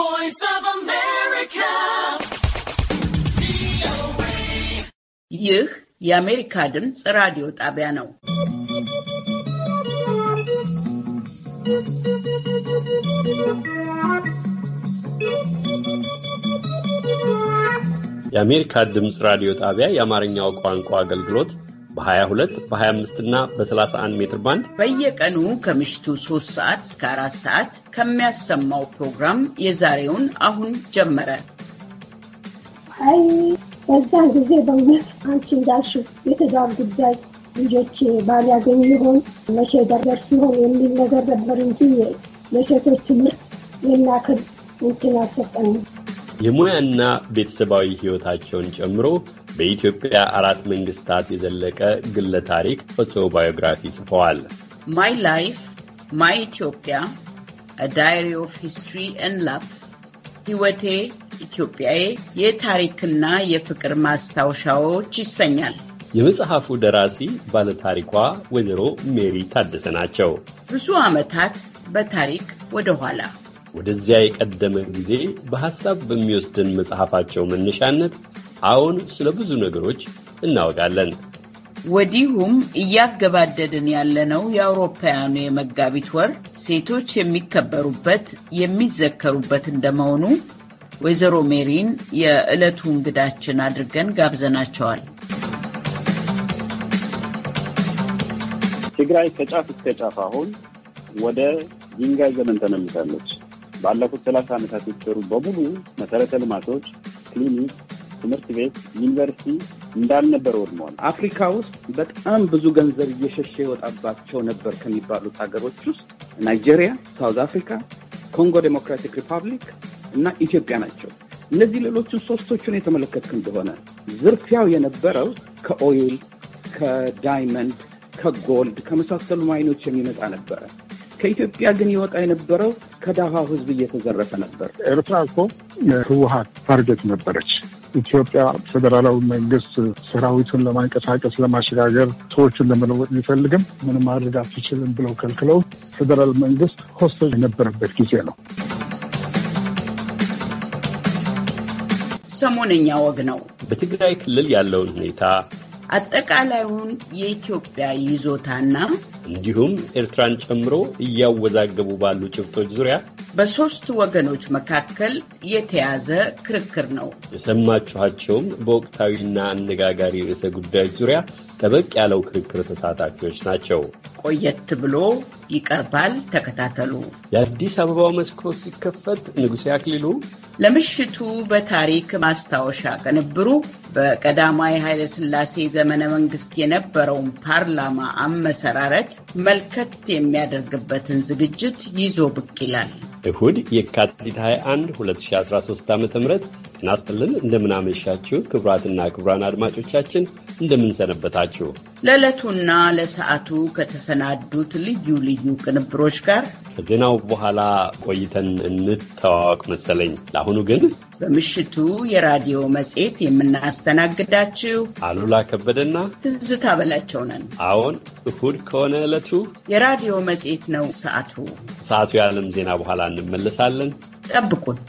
voice of America. ይህ የአሜሪካ ድምፅ ራዲዮ ጣቢያ ነው። የአሜሪካ ድምፅ ራዲዮ ጣቢያ የአማርኛው ቋንቋ አገልግሎት በ22 በ25 እና በ31 ሜትር ባንድ በየቀኑ ከምሽቱ 3 ሰዓት እስከ 4 ሰዓት ከሚያሰማው ፕሮግራም የዛሬውን አሁን ጀመረ። አይ በዛን ጊዜ በእውነት አንቺ እንዳልሽው የትዳር ጉዳይ ልጆች ባል ያገኝ ይሆን መቼ ደረስ ይሆን የሚል ነገር ነበር እንጂ ለሴቶች ትምህርት የናክል እንትን አልሰጠንም። የሙያና ቤተሰባዊ ሕይወታቸውን ጨምሮ በኢትዮጵያ አራት መንግስታት የዘለቀ ግለ ታሪክ ኦቶባዮግራፊ ጽፈዋል። ማይ ላይፍ ማይ ኢትዮጵያ ዳይሪ ኦፍ ሂስትሪ ኤንድ ላቭ ህይወቴ ኢትዮጵያዬ የታሪክና የፍቅር ማስታወሻዎች ይሰኛል። የመጽሐፉ ደራሲ ባለታሪኳ ወይዘሮ ሜሪ ታደሰ ናቸው። ብዙ ዓመታት በታሪክ ወደ ኋላ ወደዚያ የቀደመ ጊዜ በሐሳብ በሚወስድን መጽሐፋቸው መነሻነት አሁን ስለ ብዙ ነገሮች እናወጋለን። ወዲሁም እያገባደድን ያለነው የአውሮፓውያኑ የመጋቢት ወር ሴቶች የሚከበሩበት የሚዘከሩበት እንደመሆኑ ወይዘሮ ሜሪን የዕለቱ እንግዳችን አድርገን ጋብዘናቸዋል። ትግራይ ከጫፍ እስከ ጫፍ አሁን ወደ ድንጋይ ዘመን ተመልሳለች። ባለፉት ሰላሳ ዓመታት የተሰሩ በሙሉ መሰረተ ልማቶች፣ ክሊኒክ፣ ትምህርት ቤት፣ ዩኒቨርሲቲ እንዳልነበር ወድመዋል። አፍሪካ ውስጥ በጣም ብዙ ገንዘብ እየሸሸ የወጣባቸው ነበር ከሚባሉት ሀገሮች ውስጥ ናይጄሪያ፣ ሳውዝ አፍሪካ፣ ኮንጎ ዴሞክራቲክ ሪፐብሊክ እና ኢትዮጵያ ናቸው። እነዚህ ሌሎቹን ሶስቶቹን የተመለከትክ እንደሆነ ዝርፊያው የነበረው ከኦይል፣ ከዳይመንድ፣ ከጎልድ ከመሳሰሉ ማይኖች የሚመጣ ነበረ። ከኢትዮጵያ ግን ይወጣ የነበረው ከዳሃ ሕዝብ እየተዘረፈ ነበር። ኤርትራ እኮ ህወሀት ታርጌት ነበረች። ኢትዮጵያ ፌዴራላዊ መንግስት ሰራዊቱን ለማንቀሳቀስ ለማሸጋገር፣ ሰዎችን ለመለወጥ ቢፈልግም ምንም ማድረግ አትችልም ብለው ከልክለው ፌዴራል መንግስት ሆስቴጅ የነበረበት ጊዜ ነው። ሰሞነኛ ወግ ነው። በትግራይ ክልል ያለውን ሁኔታ አጠቃላዩን የኢትዮጵያ ይዞታና እንዲሁም ኤርትራን ጨምሮ እያወዛገቡ ባሉ ጭብጦች ዙሪያ በሶስቱ ወገኖች መካከል የተያዘ ክርክር ነው። የሰማችኋቸውም በወቅታዊና አነጋጋሪ ርዕሰ ጉዳዮች ዙሪያ ጠበቅ ያለው ክርክር ተሳታፊዎች ናቸው። ቆየት ብሎ ይቀርባል። ተከታተሉ። የአዲስ አበባው መስኮት ሲከፈት ንጉሴ አክሊሉ ለምሽቱ በታሪክ ማስታወሻ ቅንብሩ በቀዳማዊ ኃይለሥላሴ ዘመነ መንግስት የነበረውን ፓርላማ አመሰራረት መልከት የሚያደርግበትን ዝግጅት ይዞ ብቅ ይላል። እሁድ የካቲት 21 2013 ዓ ም እናስጥልን ይስጥልን። እንደምናመሻችሁ ክቡራትና ክቡራን አድማጮቻችን እንደምንሰነበታችሁ። ለዕለቱና ለሰዓቱ ከተሰናዱት ልዩ ልዩ ቅንብሮች ጋር ከዜናው በኋላ ቆይተን እንተዋወቅ መሰለኝ። ለአሁኑ ግን በምሽቱ የራዲዮ መጽሔት የምናስተናግዳችሁ አሉላ ከበደና ትዝታ በላቸው ነን። አዎን እሁድ ከሆነ ዕለቱ የራዲዮ መጽሔት ነው። ሰዓቱ ሰዓቱ የዓለም ዜና በኋላ እንመለሳለን። ጠብቁን።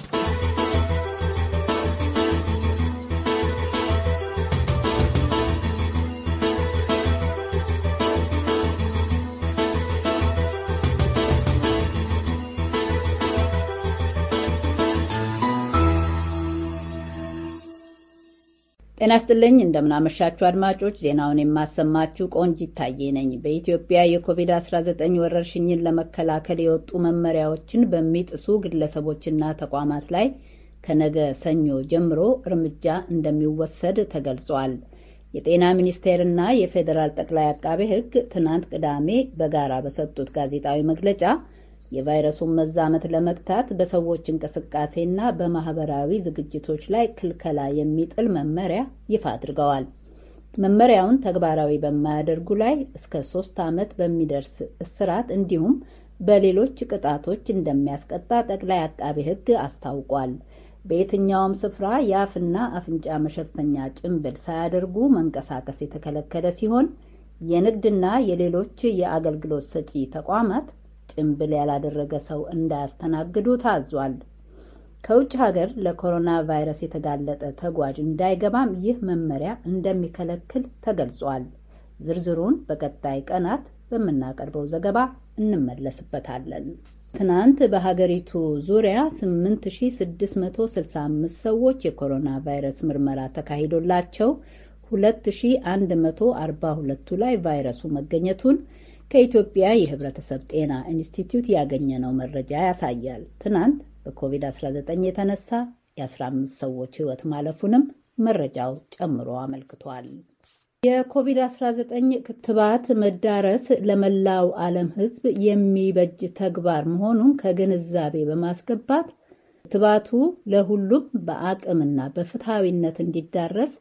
ጤና ስጥልኝ፣ እንደምናመሻችሁ አድማጮች፣ ዜናውን የማሰማችሁ ቆንጅ ይታየ ነኝ። በኢትዮጵያ የኮቪድ-19 ወረርሽኝን ለመከላከል የወጡ መመሪያዎችን በሚጥሱ ግለሰቦችና ተቋማት ላይ ከነገ ሰኞ ጀምሮ እርምጃ እንደሚወሰድ ተገልጿል። የጤና ሚኒስቴርና የፌዴራል ጠቅላይ አቃቤ ሕግ ትናንት ቅዳሜ በጋራ በሰጡት ጋዜጣዊ መግለጫ የቫይረሱን መዛመት ለመግታት በሰዎች እንቅስቃሴና በማህበራዊ ዝግጅቶች ላይ ክልከላ የሚጥል መመሪያ ይፋ አድርገዋል። መመሪያውን ተግባራዊ በማያደርጉ ላይ እስከ ሶስት ዓመት በሚደርስ እስራት እንዲሁም በሌሎች ቅጣቶች እንደሚያስቀጣ ጠቅላይ አቃቤ ሕግ አስታውቋል። በየትኛውም ስፍራ የአፍና አፍንጫ መሸፈኛ ጭንብል ሳያደርጉ መንቀሳቀስ የተከለከለ ሲሆን የንግድና የሌሎች የአገልግሎት ሰጪ ተቋማት ጭንብል ያላደረገ ሰው እንዳያስተናግዱ ታዟል። ከውጭ ሀገር ለኮሮና ቫይረስ የተጋለጠ ተጓዥ እንዳይገባም ይህ መመሪያ እንደሚከለክል ተገልጿል። ዝርዝሩን በቀጣይ ቀናት በምናቀርበው ዘገባ እንመለስበታለን። ትናንት በሀገሪቱ ዙሪያ 8665 ሰዎች የኮሮና ቫይረስ ምርመራ ተካሂዶላቸው 2142ቱ ላይ ቫይረሱ መገኘቱን ከኢትዮጵያ የሕብረተሰብ ጤና ኢንስቲትዩት ያገኘነው መረጃ ያሳያል። ትናንት በኮቪድ-19 የተነሳ የ15 ሰዎች ሕይወት ማለፉንም መረጃው ጨምሮ አመልክቷል። የኮቪድ-19 ክትባት መዳረስ ለመላው ዓለም ሕዝብ የሚበጅ ተግባር መሆኑን ከግንዛቤ በማስገባት ክትባቱ ለሁሉም በአቅምና በፍትሐዊነት እንዲዳረስ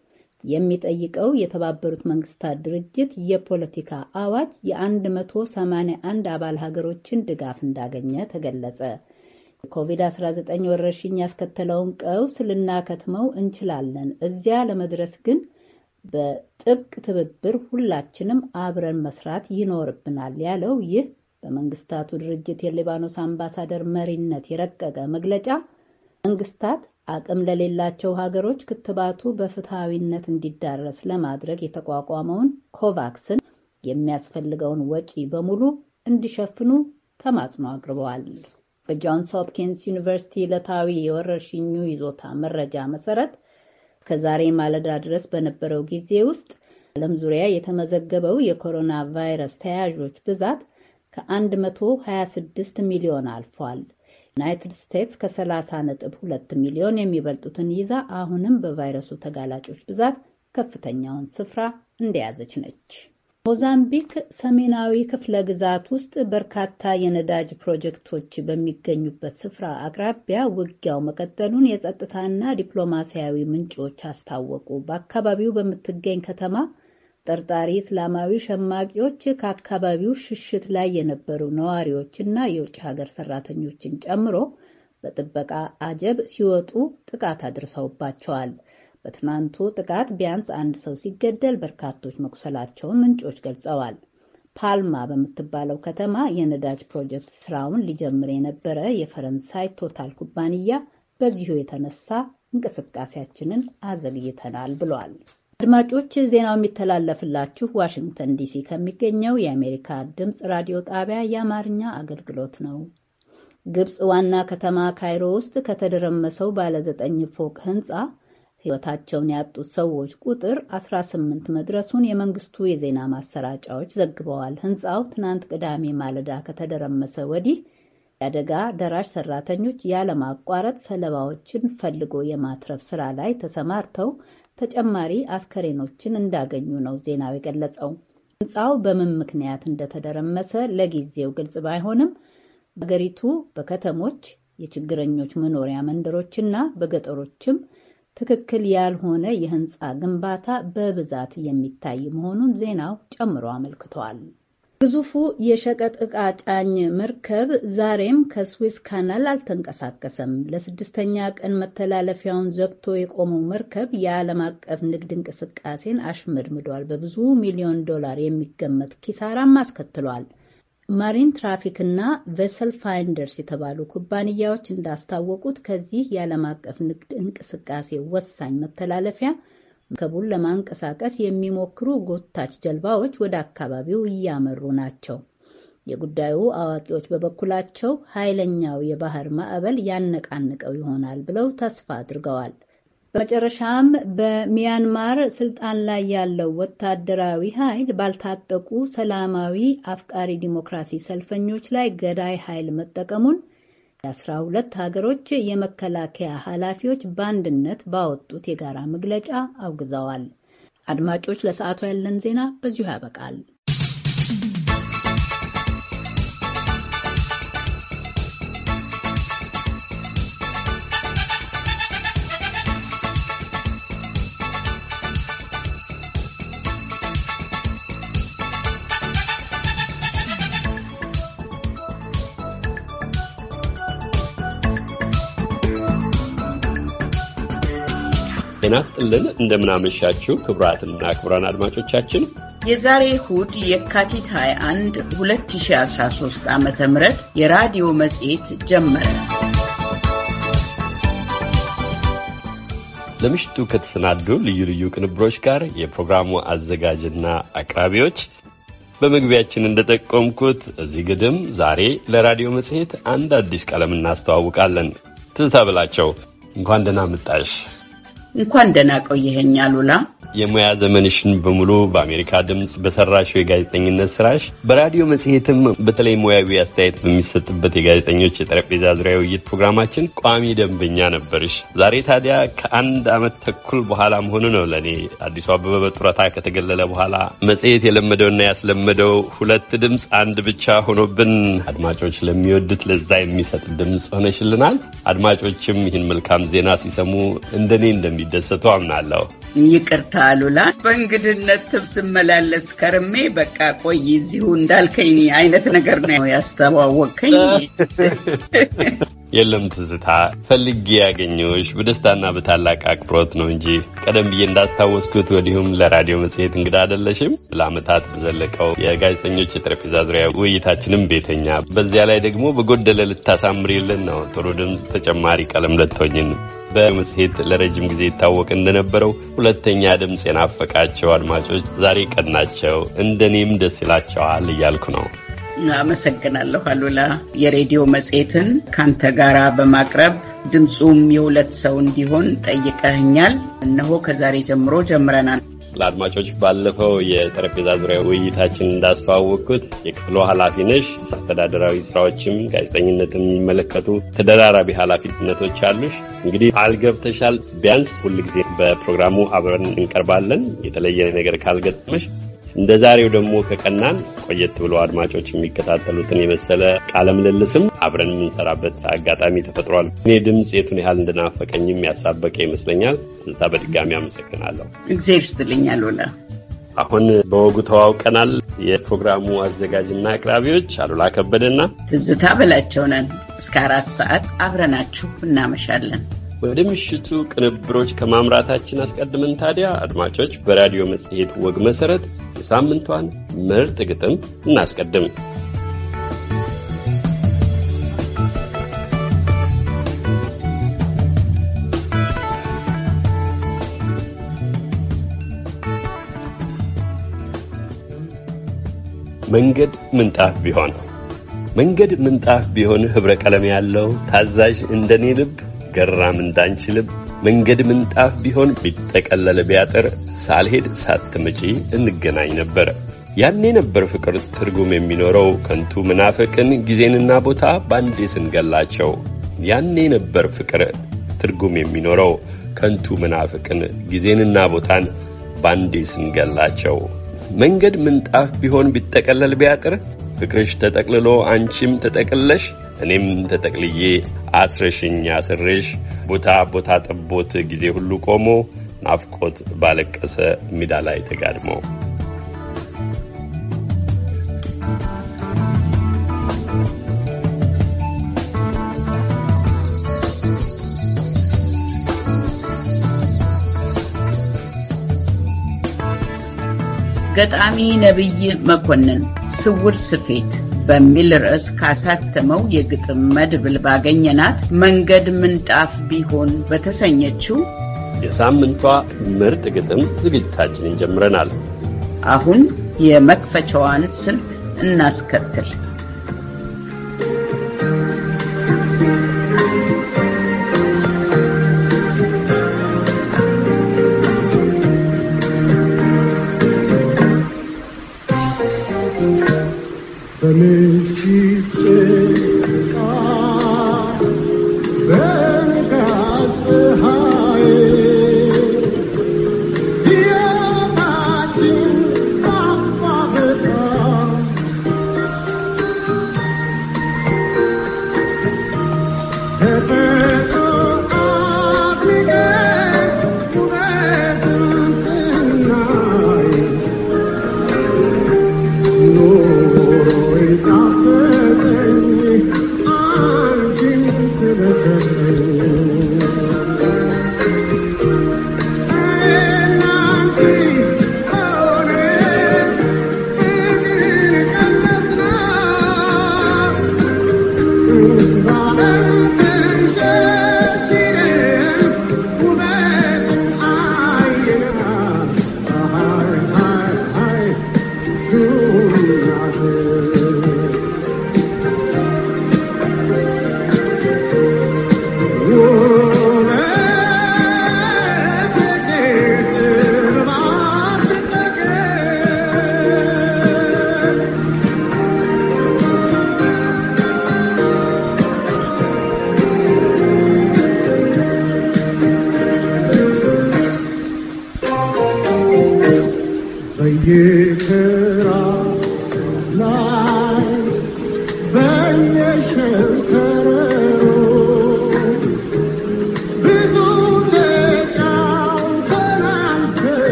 የሚጠይቀው የተባበሩት መንግስታት ድርጅት የፖለቲካ አዋጅ የ181 አባል ሀገሮችን ድጋፍ እንዳገኘ ተገለጸ። የኮቪድ-19 ወረርሽኝ ያስከተለውን ቀውስ ልናከትመው እንችላለን። እዚያ ለመድረስ ግን በጥብቅ ትብብር ሁላችንም አብረን መስራት ይኖርብናል ያለው ይህ በመንግስታቱ ድርጅት የሊባኖስ አምባሳደር መሪነት የረቀቀ መግለጫ መንግስታት አቅም ለሌላቸው ሀገሮች ክትባቱ በፍትሐዊነት እንዲዳረስ ለማድረግ የተቋቋመውን ኮቫክስን የሚያስፈልገውን ወጪ በሙሉ እንዲሸፍኑ ተማጽኖ አቅርበዋል። በጆንስ ሆፕኪንስ ዩኒቨርሲቲ ዕለታዊ የወረርሽኙ ይዞታ መረጃ መሰረት ከዛሬ ማለዳ ድረስ በነበረው ጊዜ ውስጥ ዓለም ዙሪያ የተመዘገበው የኮሮና ቫይረስ ተያዦች ብዛት ከ126 ሚሊዮን አልፏል። ዩናይትድ ስቴትስ ከ 2 ሚሊዮን የሚበልጡትን ይዛ አሁንም በቫይረሱ ተጋላጮች ብዛት ከፍተኛውን ስፍራ እንደያዘች ነች። ሞዛምቢክ ሰሜናዊ ክፍለ ግዛት ውስጥ በርካታ የነዳጅ ፕሮጀክቶች በሚገኙበት ስፍራ አቅራቢያ ውጊያው መቀጠሉን የጸጥታና ዲፕሎማሲያዊ ምንጮች አስታወቁ። በአካባቢው በምትገኝ ከተማ ተጠርጣሪ እስላማዊ ሸማቂዎች ከአካባቢው ሽሽት ላይ የነበሩ ነዋሪዎችና የውጭ ሀገር ሰራተኞችን ጨምሮ በጥበቃ አጀብ ሲወጡ ጥቃት አድርሰውባቸዋል። በትናንቱ ጥቃት ቢያንስ አንድ ሰው ሲገደል በርካቶች መቁሰላቸውን ምንጮች ገልጸዋል። ፓልማ በምትባለው ከተማ የነዳጅ ፕሮጀክት ስራውን ሊጀምር የነበረ የፈረንሳይ ቶታል ኩባንያ በዚሁ የተነሳ እንቅስቃሴያችንን አዘግይተናል ብሏል። አድማጮች ዜናው የሚተላለፍላችሁ ዋሽንግተን ዲሲ ከሚገኘው የአሜሪካ ድምፅ ራዲዮ ጣቢያ የአማርኛ አገልግሎት ነው። ግብፅ ዋና ከተማ ካይሮ ውስጥ ከተደረመሰው ባለ ዘጠኝ ፎቅ ህንፃ ህይወታቸውን ያጡት ሰዎች ቁጥር 18 መድረሱን የመንግስቱ የዜና ማሰራጫዎች ዘግበዋል። ህንፃው ትናንት ቅዳሜ ማለዳ ከተደረመሰ ወዲህ የአደጋ ደራሽ ሰራተኞች ያለማቋረጥ ሰለባዎችን ፈልጎ የማትረፍ ስራ ላይ ተሰማርተው ተጨማሪ አስከሬኖችን እንዳገኙ ነው ዜናው የገለጸው። ህንፃው በምን ምክንያት እንደተደረመሰ ለጊዜው ግልጽ ባይሆንም በሀገሪቱ በከተሞች የችግረኞች መኖሪያ መንደሮችና በገጠሮችም ትክክል ያልሆነ የህንፃ ግንባታ በብዛት የሚታይ መሆኑን ዜናው ጨምሮ አመልክቷል። ግዙፉ የሸቀጥ ዕቃ ጫኝ መርከብ ዛሬም ከስዊስ ካናል አልተንቀሳቀሰም። ለስድስተኛ ቀን መተላለፊያውን ዘግቶ የቆመው መርከብ የዓለም አቀፍ ንግድ እንቅስቃሴን አሽመድምዷል። በብዙ ሚሊዮን ዶላር የሚገመት ኪሳራም አስከትሏል። ማሪን ትራፊክ እና ቬሰል ፋይንደርስ የተባሉ ኩባንያዎች እንዳስታወቁት ከዚህ የዓለም አቀፍ ንግድ እንቅስቃሴ ወሳኝ መተላለፊያ መርከቡን ለማንቀሳቀስ የሚሞክሩ ጎታች ጀልባዎች ወደ አካባቢው እያመሩ ናቸው። የጉዳዩ አዋቂዎች በበኩላቸው ኃይለኛው የባህር ማዕበል ያነቃንቀው ይሆናል ብለው ተስፋ አድርገዋል። በመጨረሻም በሚያንማር ስልጣን ላይ ያለው ወታደራዊ ኃይል ባልታጠቁ ሰላማዊ አፍቃሪ ዲሞክራሲ ሰልፈኞች ላይ ገዳይ ኃይል መጠቀሙን የአስራ ሁለት ሀገሮች የመከላከያ ኃላፊዎች በአንድነት ባወጡት የጋራ መግለጫ አውግዘዋል። አድማጮች፣ ለሰዓቱ ያለን ዜና በዚሁ ያበቃል። ጤና ስጥልን እንደምናመሻችው ክቡራትና ክቡራን አድማጮቻችን የዛሬ እሁድ የካቲት 21 2013 ዓ ም የራዲዮ መጽሔት ጀመረ። ለምሽቱ ከተሰናዱ ልዩ ልዩ ቅንብሮች ጋር የፕሮግራሙ አዘጋጅና አቅራቢዎች በመግቢያችን እንደጠቆምኩት እዚህ ግድም ዛሬ ለራዲዮ መጽሔት አንድ አዲስ ቀለም እናስተዋውቃለን። ትዝታ ብላቸው እንኳን ደህና መጣሽ። እንኳን ደህና ቆየኸኝ አሉላ። የሙያ ዘመንሽን በሙሉ በአሜሪካ ድምፅ በሰራሽው የጋዜጠኝነት ስራሽ፣ በራዲዮ መጽሔትም በተለይ ሙያዊ አስተያየት በሚሰጥበት የጋዜጠኞች የጠረጴዛ ዙሪያ ውይይት ፕሮግራማችን ቋሚ ደንበኛ ነበርሽ። ዛሬ ታዲያ ከአንድ ዓመት ተኩል በኋላ መሆኑ ነው ለእኔ አዲሱ አበበ በጡረታ ከተገለለ በኋላ መጽሔት የለመደውና ያስለመደው ሁለት ድምፅ አንድ ብቻ ሆኖብን አድማጮች ለሚወዱት ለዛ የሚሰጥ ድምፅ ሆነሽልናል። አድማጮችም ይህን መልካም ዜና ሲሰሙ እንደኔ እንደሚ እንደሚደሰቱ አምናለሁ። ይቅርታ አሉላ፣ በእንግድነት ትብስ ስመላለስ ከርሜ በቃ ቆይ እዚሁ እንዳልከኝ አይነት ነገር ነው ያስተዋወቅከኝ። የለም ትዝታ ፈልጌ ያገኘሁሽ በደስታና በታላቅ አክብሮት ነው እንጂ ቀደም ብዬ እንዳስታወስኩት ወዲሁም ለራዲዮ መጽሔት እንግዳ አይደለሽም። ለአመታት በዘለቀው የጋዜጠኞች የጠረጴዛ ዙሪያ ውይይታችንም ቤተኛ፣ በዚያ ላይ ደግሞ በጎደለ ልታሳምሪልን ነው ጥሩ ድምፅ፣ ተጨማሪ ቀለም ልትሆኝን በመጽሔት ለረጅም ጊዜ ይታወቅ እንደነበረው ሁለተኛ ድምፅ የናፈቃቸው አድማጮች ዛሬ ቀናቸው፣ እንደኔም ደስ ይላቸዋል እያልኩ ነው። አመሰግናለሁ አሉላ። የሬዲዮ መጽሔትን ካንተ ጋራ በማቅረብ ድምፁም የሁለት ሰው እንዲሆን ጠይቀህኛል። እነሆ ከዛሬ ጀምሮ ጀምረናል። ለአድማጮች ባለፈው የጠረጴዛ ዙሪያ ውይይታችን እንዳስተዋወቅኩት የክፍሉ ኃላፊ ነሽ። አስተዳደራዊ ስራዎችም ጋዜጠኝነትም የሚመለከቱ ተደራራቢ ኃላፊነቶች አሉሽ። እንግዲህ አልገብተሻል። ቢያንስ ሁልጊዜ በፕሮግራሙ አብረን እንቀርባለን። የተለየ ነገር ካልገጠመሽ እንደ ዛሬው ደግሞ ከቀናን ቆየት ብሎ አድማጮች የሚከታተሉትን የመሰለ ቃለ ምልልስም አብረን የምንሰራበት አጋጣሚ ተፈጥሯል። እኔ ድምፅ የቱን ያህል እንደናፈቀኝም ያሳበቀ ይመስለኛል። ትዝታ በድጋሚ አመሰግናለሁ። እግዜር ይስጥልኛል። ሆነ አሁን በወጉ ተዋውቀናል። የፕሮግራሙ አዘጋጅና አቅራቢዎች አሉላ ከበደና ትዝታ በላቸው ነን። እስከ አራት ሰዓት አብረናችሁ እናመሻለን። ወደ ምሽቱ ቅንብሮች ከማምራታችን አስቀድመን ታዲያ አድማጮች፣ በራዲዮ መጽሔት ወግ መሠረት የሳምንቷን ምርጥ ግጥም እናስቀድም። መንገድ ምንጣፍ ቢሆን መንገድ ምንጣፍ ቢሆን ኅብረ ቀለም ያለው ታዛዥ እንደኔ ልብ ገራም እንዳንችልም መንገድ ምንጣፍ ቢሆን ቢጠቀለለ ቢያጥር ሳልሄድ ሳትመጪ እንገናኝ ነበር። ያኔ ነበር ፍቅር ትርጉም የሚኖረው። ከንቱ ምናፍቅን ጊዜንና ቦታ ባንዴ ስንገላቸው፣ ያኔ ነበር ፍቅር ትርጉም የሚኖረው። ከንቱ ምናፍቅን ጊዜንና ቦታን ባንዴ ስንገላቸው፣ መንገድ ምንጣፍ ቢሆን ቢጠቀለል ቢያጥር፣ ፍቅርሽ ተጠቅልሎ አንቺም ተጠቅለሽ እኔም ተጠቅልዬ አስረሽኝ አስረሽ ቦታ ቦታ ጠቦት ጊዜ ሁሉ ቆሞ ናፍቆት ባለቀሰ ሜዳ ላይ ተጋድሞ ገጣሚ ነቢይ መኮንን ስውር ስፌት በሚል ርዕስ ካሳተመው የግጥም መድብል ባገኘናት መንገድ ምንጣፍ ቢሆን በተሰኘችው የሳምንቷ ምርጥ ግጥም ዝግጅታችንን ጀምረናል። አሁን የመክፈቻዋን ስልት እናስከትል።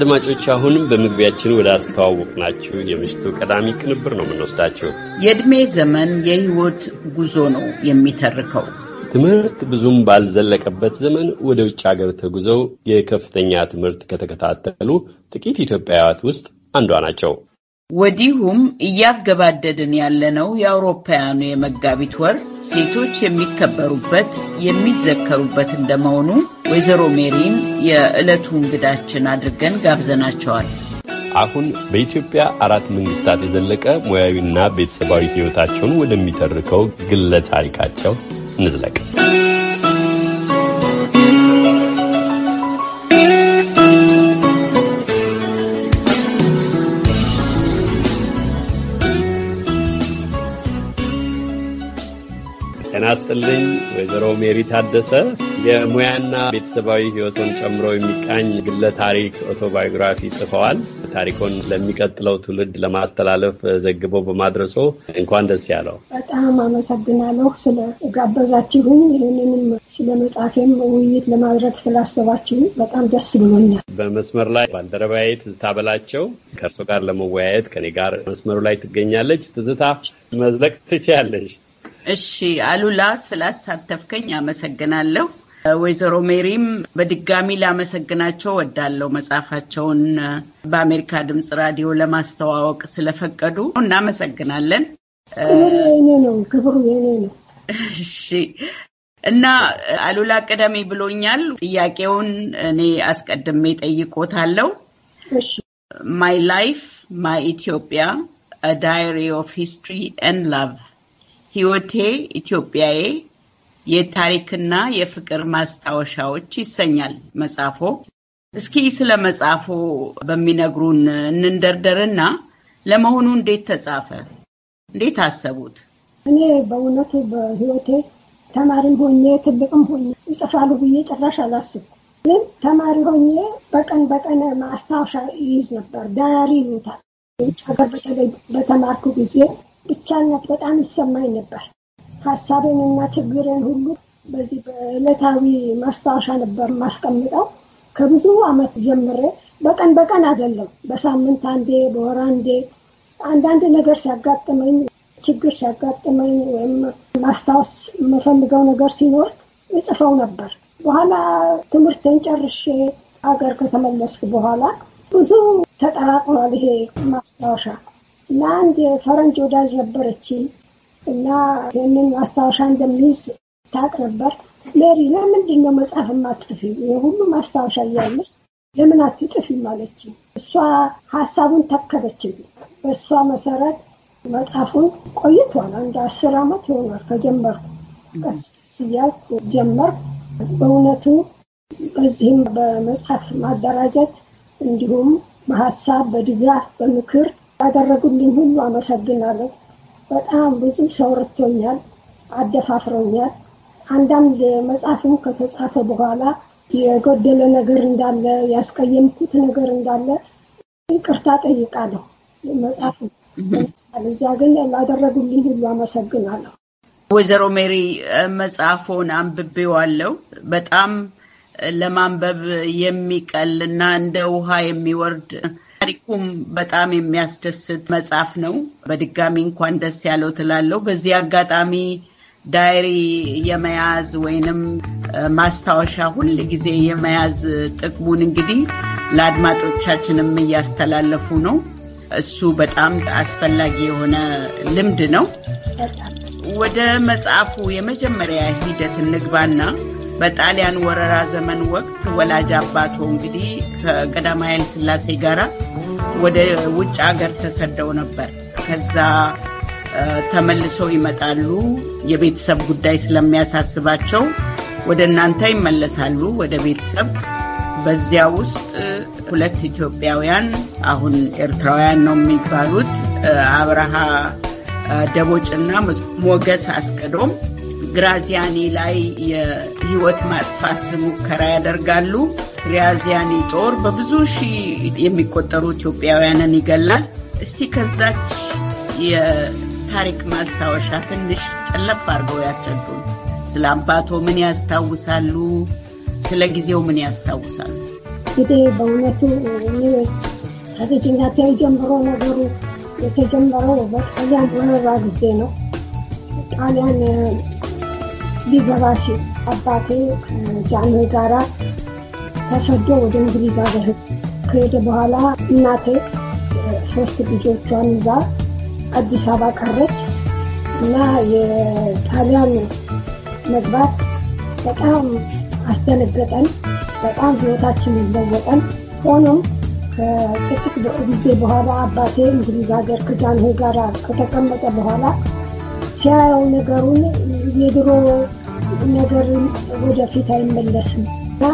አድማጮች አሁንም በመግቢያችን ወደ ናችሁ የምሽቱ ቀዳሚ ቅንብር ነው የምንወስዳችሁ። የዕድሜ ዘመን የህይወት ጉዞ ነው የሚተርከው። ትምህርት ብዙም ባልዘለቀበት ዘመን ወደ ውጭ ሀገር ተጉዘው የከፍተኛ ትምህርት ከተከታተሉ ጥቂት ኢትዮጵያውያት ውስጥ አንዷ ናቸው። ወዲሁም እያገባደድን ያለነው የአውሮፓውያኑ የመጋቢት ወር ሴቶች የሚከበሩበት የሚዘከሩበት እንደመሆኑ ወይዘሮ ሜሪን የዕለቱ እንግዳችን አድርገን ጋብዘናቸዋል። አሁን በኢትዮጵያ አራት መንግስታት የዘለቀ ሙያዊና ቤተሰባዊ ሕይወታቸውን ወደሚተርከው ግለ ታሪካቸው እንዝለቅ። ይስጥልኝ ወይዘሮ ሜሪ ታደሰ የሙያና ቤተሰባዊ ህይወቱን ጨምሮ የሚቃኝ ግለ ታሪክ ኦቶባዮግራፊ ጽፈዋል። ታሪኮን ለሚቀጥለው ትውልድ ለማስተላለፍ ዘግበው በማድረሶ እንኳን ደስ ያለው። በጣም አመሰግናለሁ ስለጋበዛችሁኝ፣ ይህንንም ስለ መጽሐፌም ውይይት ለማድረግ ስላሰባችሁ በጣም ደስ ብሎኛል። በመስመር ላይ ባልደረባዬ ትዝታ በላቸው ከእርሶ ጋር ለመወያየት ከኔ ጋር መስመሩ ላይ ትገኛለች። ትዝታ መዝለቅ ትችያለሽ። እሺ አሉላ ስላሳተፍከኝ አመሰግናለሁ። ወይዘሮ ሜሪም በድጋሚ ላመሰግናቸው ወዳለው መጽሐፋቸውን በአሜሪካ ድምፅ ራዲዮ ለማስተዋወቅ ስለፈቀዱ እናመሰግናለን። ነው ክብሩ የኔ ነው። እሺ እና አሉላ ቀደም ብሎኛል። ጥያቄውን እኔ አስቀድሜ ጠይቆታለው። ማይ ላይፍ ማይ ኢትዮጵያ ዳይሪ ኦፍ ሂስትሪ ኤንድ ላቭ ህይወቴ ኢትዮጵያዬ የታሪክና የፍቅር ማስታወሻዎች ይሰኛል መጽሐፎ። እስኪ ስለ መጽሐፎ በሚነግሩን እንንደርደርና ለመሆኑ እንዴት ተጻፈ? እንዴት አሰቡት? እኔ በእውነቱ በህይወቴ ተማሪም ሆኜ ትልቅም ሆኜ ይጽፋሉ ብዬ ጭራሽ አላስብኩ። ግን ተማሪ ሆኜ በቀን በቀን ማስታወሻ ይይዝ ነበር። ዳያሪ ይሉታል። ውጭ ሀገር በተለይ በተማርኩ ጊዜ ብቻነት በጣም ይሰማኝ ነበር። እና ችግሬን ሁሉ በዚህ በዕለታዊ ማስታወሻ ነበር ማስቀምጠው። ከብዙ አመት ጀምሬ በቀን በቀን አይደለም፣ በሳምንት አንዴ፣ በወር አንዴ አንዳንድ ነገር ሲያጋጥመኝ፣ ችግር ሲያጋጥመኝ ወይም ማስታወስ የምፈልገው ነገር ሲኖር እጽፈው ነበር። በኋላ ትምህርቴን ጨርሼ አገር ከተመለስክ በኋላ ብዙ ተጠራቅሏል ይሄ ማስታወሻ እና አንድ የፈረንጅ ወዳጅ ነበረች እና ይህንን ማስታወሻ እንደሚይዝ ታቅ ነበር። ሜሪ ለምንድን ነው መጽሐፍ ማትጥፊ? ይህ ሁሉ ማስታወሻ እያለች ለምን አትጥፊ ማለች። እሷ ሀሳቡን ተከተለችኝ። በእሷ መሰረት መጽሐፉን ቆይቷል። አንድ አስር ዓመት ይሆናል ከጀመርኩ። ቀስ ቀስ እያልኩ ጀመርኩ። በእውነቱ በዚህም በመጽሐፍ ማደራጀት እንዲሁም በሀሳብ በድጋፍ በምክር ያደረጉልኝ ሁሉ አመሰግናለሁ። በጣም ብዙ ሰው ረድቶኛል፣ አደፋፍሮኛል። አንዳንድ መጽሐፍም ከተጻፈ በኋላ የጎደለ ነገር እንዳለ፣ ያስቀየምኩት ነገር እንዳለ ይቅርታ ጠይቃለሁ። መጽሐፍ እዚያ ግን ላደረጉልኝ ሁሉ አመሰግናለሁ። ወይዘሮ ሜሪ መጽሐፎን አንብቤዋለሁ። በጣም ለማንበብ የሚቀል እና እንደ ውሃ የሚወርድ ታሪኩም በጣም የሚያስደስት መጽሐፍ ነው። በድጋሚ እንኳን ደስ ያለው ትላለው። በዚህ አጋጣሚ ዳይሪ የመያዝ ወይንም ማስታወሻ ሁል ጊዜ የመያዝ ጥቅሙን እንግዲህ ለአድማጮቻችንም እያስተላለፉ ነው። እሱ በጣም አስፈላጊ የሆነ ልምድ ነው። ወደ መጽሐፉ የመጀመሪያ ሂደት እንግባና በጣሊያን ወረራ ዘመን ወቅት ወላጅ አባቶ እንግዲህ ከቀዳማዊ ኃይለ ሥላሴ ጋራ ወደ ውጭ ሀገር ተሰደው ነበር። ከዛ ተመልሰው ይመጣሉ። የቤተሰብ ጉዳይ ስለሚያሳስባቸው ወደ እናንተ ይመለሳሉ፣ ወደ ቤተሰብ። በዚያ ውስጥ ሁለት ኢትዮጵያውያን አሁን ኤርትራውያን ነው የሚባሉት አብረሃ ደቦጭና ሞገስ አስቀዶም ግራዚያኒ ላይ የህይወት ማጥፋት ሙከራ ያደርጋሉ። ግራዚያኒ ጦር በብዙ ሺህ የሚቆጠሩ ኢትዮጵያውያንን ይገላል። እስቲ ከዛች የታሪክ ማስታወሻ ትንሽ ጨለፍ አድርገው ያስረዱ። ስለ አባቶ ምን ያስታውሳሉ? ስለ ጊዜው ምን ያስታውሳሉ? እንግዲህ በእውነቱ ከልጅነቴ ጀምሮ ነገሩ የተጀመረው በጣሊያን ወረራ ጊዜ ነው። ጣሊያን ሊገባ ሲል አባቴ ጃኖ ጋራ ተሰዶ ወደ እንግሊዝ ሀገር ከሄደ በኋላ እናቴ ሶስት ልጆቿን ይዛ አዲስ አበባ ቀረች እና የጣሊያን መግባት በጣም አስደነገጠን። በጣም ህይወታችን ለወጠን። ሆኖም ከጥቂት ጊዜ በኋላ አባቴ እንግሊዝ ሀገር ከጃንሆይ ጋር ከተቀመጠ በኋላ ሲያየው ነገሩን የድሮ ነገር ወደፊት አይመለስም እና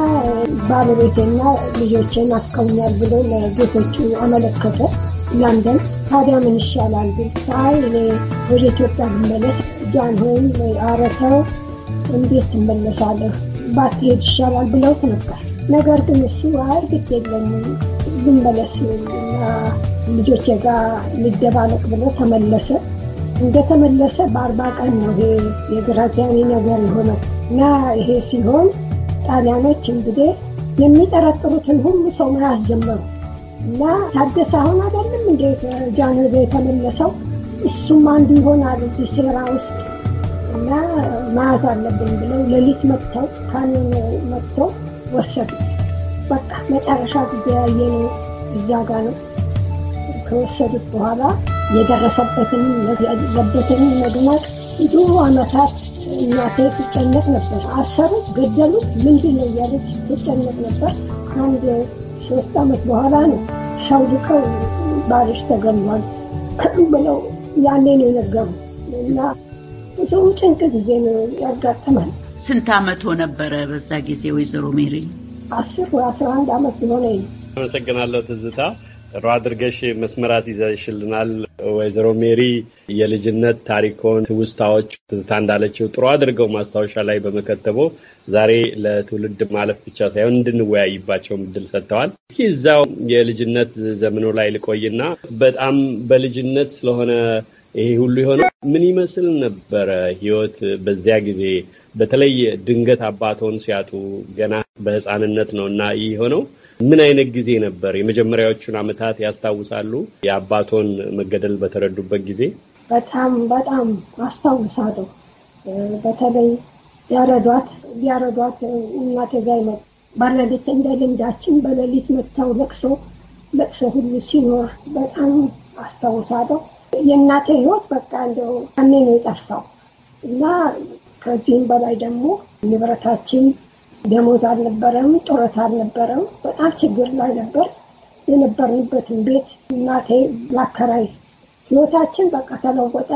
ባለቤቴና ልጆቼን አስቀውኛል ብሎ ለጌቶቹ አመለከተ። ለንደን ታዲያ ምን ይሻላል? አይ እኔ ወደ ኢትዮጵያ ብመለስ ጃንሆይም አረተው እንዴት ትመለሳለህ? ባትሄድ ይሻላል ብለው ነበር። ነገር ግን እሱ አይ ግድ የለም ልመለስ እና ልጆቼ ጋር ልደባለቅ ብሎ ተመለሰ። እንደተመለሰ በአርባ ቀን ነው ይሄ የግራዚያኒ ነገር የሆነው እና ይሄ ሲሆን ጣሊያኖች እንግዲህ የሚጠረጥሩትን ሁሉ ሰው መያዝ ጀመሩ እና ታደሰ አሁን አይደለም እንዴት ጃንሆይ የተመለሰው እሱም አንዱ ይሆናል እዚህ ሴራ ውስጥ እና መያዝ አለብን ብለው ሌሊት መጥተው ካንን መጥተው ወሰዱት። በቃ መጨረሻ ጊዜ ያየነው እዛ ጋ ነው። ከወሰዱት በኋላ የደረሰበትን ያለበትንም ደግሞ ብዙ አመታት እናቴ ትጨነቅ ነበር። አሰሩት፣ ገደሉት፣ ምንድን ነው እያለች ትጨነቅ ነበር። አንድ ሶስት ዓመት በኋላ ነው ሸውድቀው ባልሽ ተገሏል ብለው ያኔ ነው የነገሩ እና ብዙ ጭንቅ ጊዜ ነው ያጋጥማል። ስንት ዓመት ነበረ በዛ ጊዜ ወይዘሮ ሜሪ? አስር ወይ አስራ አንድ ዓመት ሆነ። አመሰግናለሁ ትዝታ። ጥሩ አድርገሽ መስመር አስይዘሽልናል። ወይዘሮ ሜሪ የልጅነት ታሪኮን ትውስታዎች፣ ትዝታ እንዳለችው ጥሩ አድርገው ማስታወሻ ላይ በመከተቦ ዛሬ ለትውልድ ማለፍ ብቻ ሳይሆን እንድንወያይባቸው ምድል ሰጥተዋል። እስኪ እዛው የልጅነት ዘመኖ ላይ ልቆይና በጣም በልጅነት ስለሆነ ይሄ ሁሉ የሆነው ምን ይመስል ነበረ ህይወት በዚያ ጊዜ? በተለይ ድንገት አባቶን ሲያጡ ገና በህፃንነት ነው እና ይህ የሆነው ምን አይነት ጊዜ ነበር? የመጀመሪያዎቹን አመታት ያስታውሳሉ? የአባቶን መገደል በተረዱበት ጊዜ በጣም በጣም አስታውሳለሁ። በተለይ ያረዷት ያረዷት እናቴ ጋር ይመ እንደ ልምዳችን በሌሊት መጥተው ለቅሶ ለቅሶ ሁሉ ሲኖር በጣም አስታውሳለሁ። የእናቴ ህይወት በቃ እንደው ከኔ ነው የጠፋው እና ከዚህም በላይ ደግሞ ንብረታችን ደሞዝ አልነበረም፣ ጡረታ አልነበረም። በጣም ችግር ላይ ነበር የነበርንበትን ቤት እናቴ ላከራይ ህይወታችን በቃ ተለወጠ።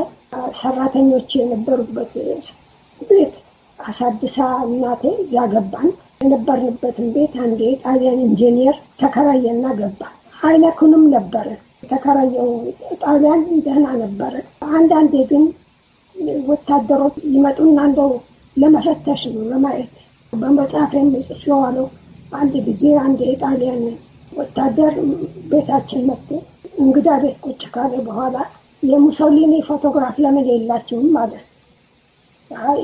ሰራተኞች የነበሩበት ቤት አሳድሳ እናቴ እዚያ ገባን። የነበርንበትን ቤት አንድ ጣሊያን ኢንጂኒየር ተከራየና ገባ። አይነኩንም ነበርን የተከራየው ጣቢያን ደህና ነበረ። አንዳንዴ ግን ወታደሮች ይመጡና እንደው ለመፈተሽ ነው ለማየት። በመጽሐፍ የምጽፍ የዋለው አንድ ጊዜ አንድ የጣሊያን ወታደር ቤታችን መጥቶ እንግዳ ቤት ቁጭ ካለ በኋላ የሙሶሊኒ ፎቶግራፍ ለምን የላችሁም አለ።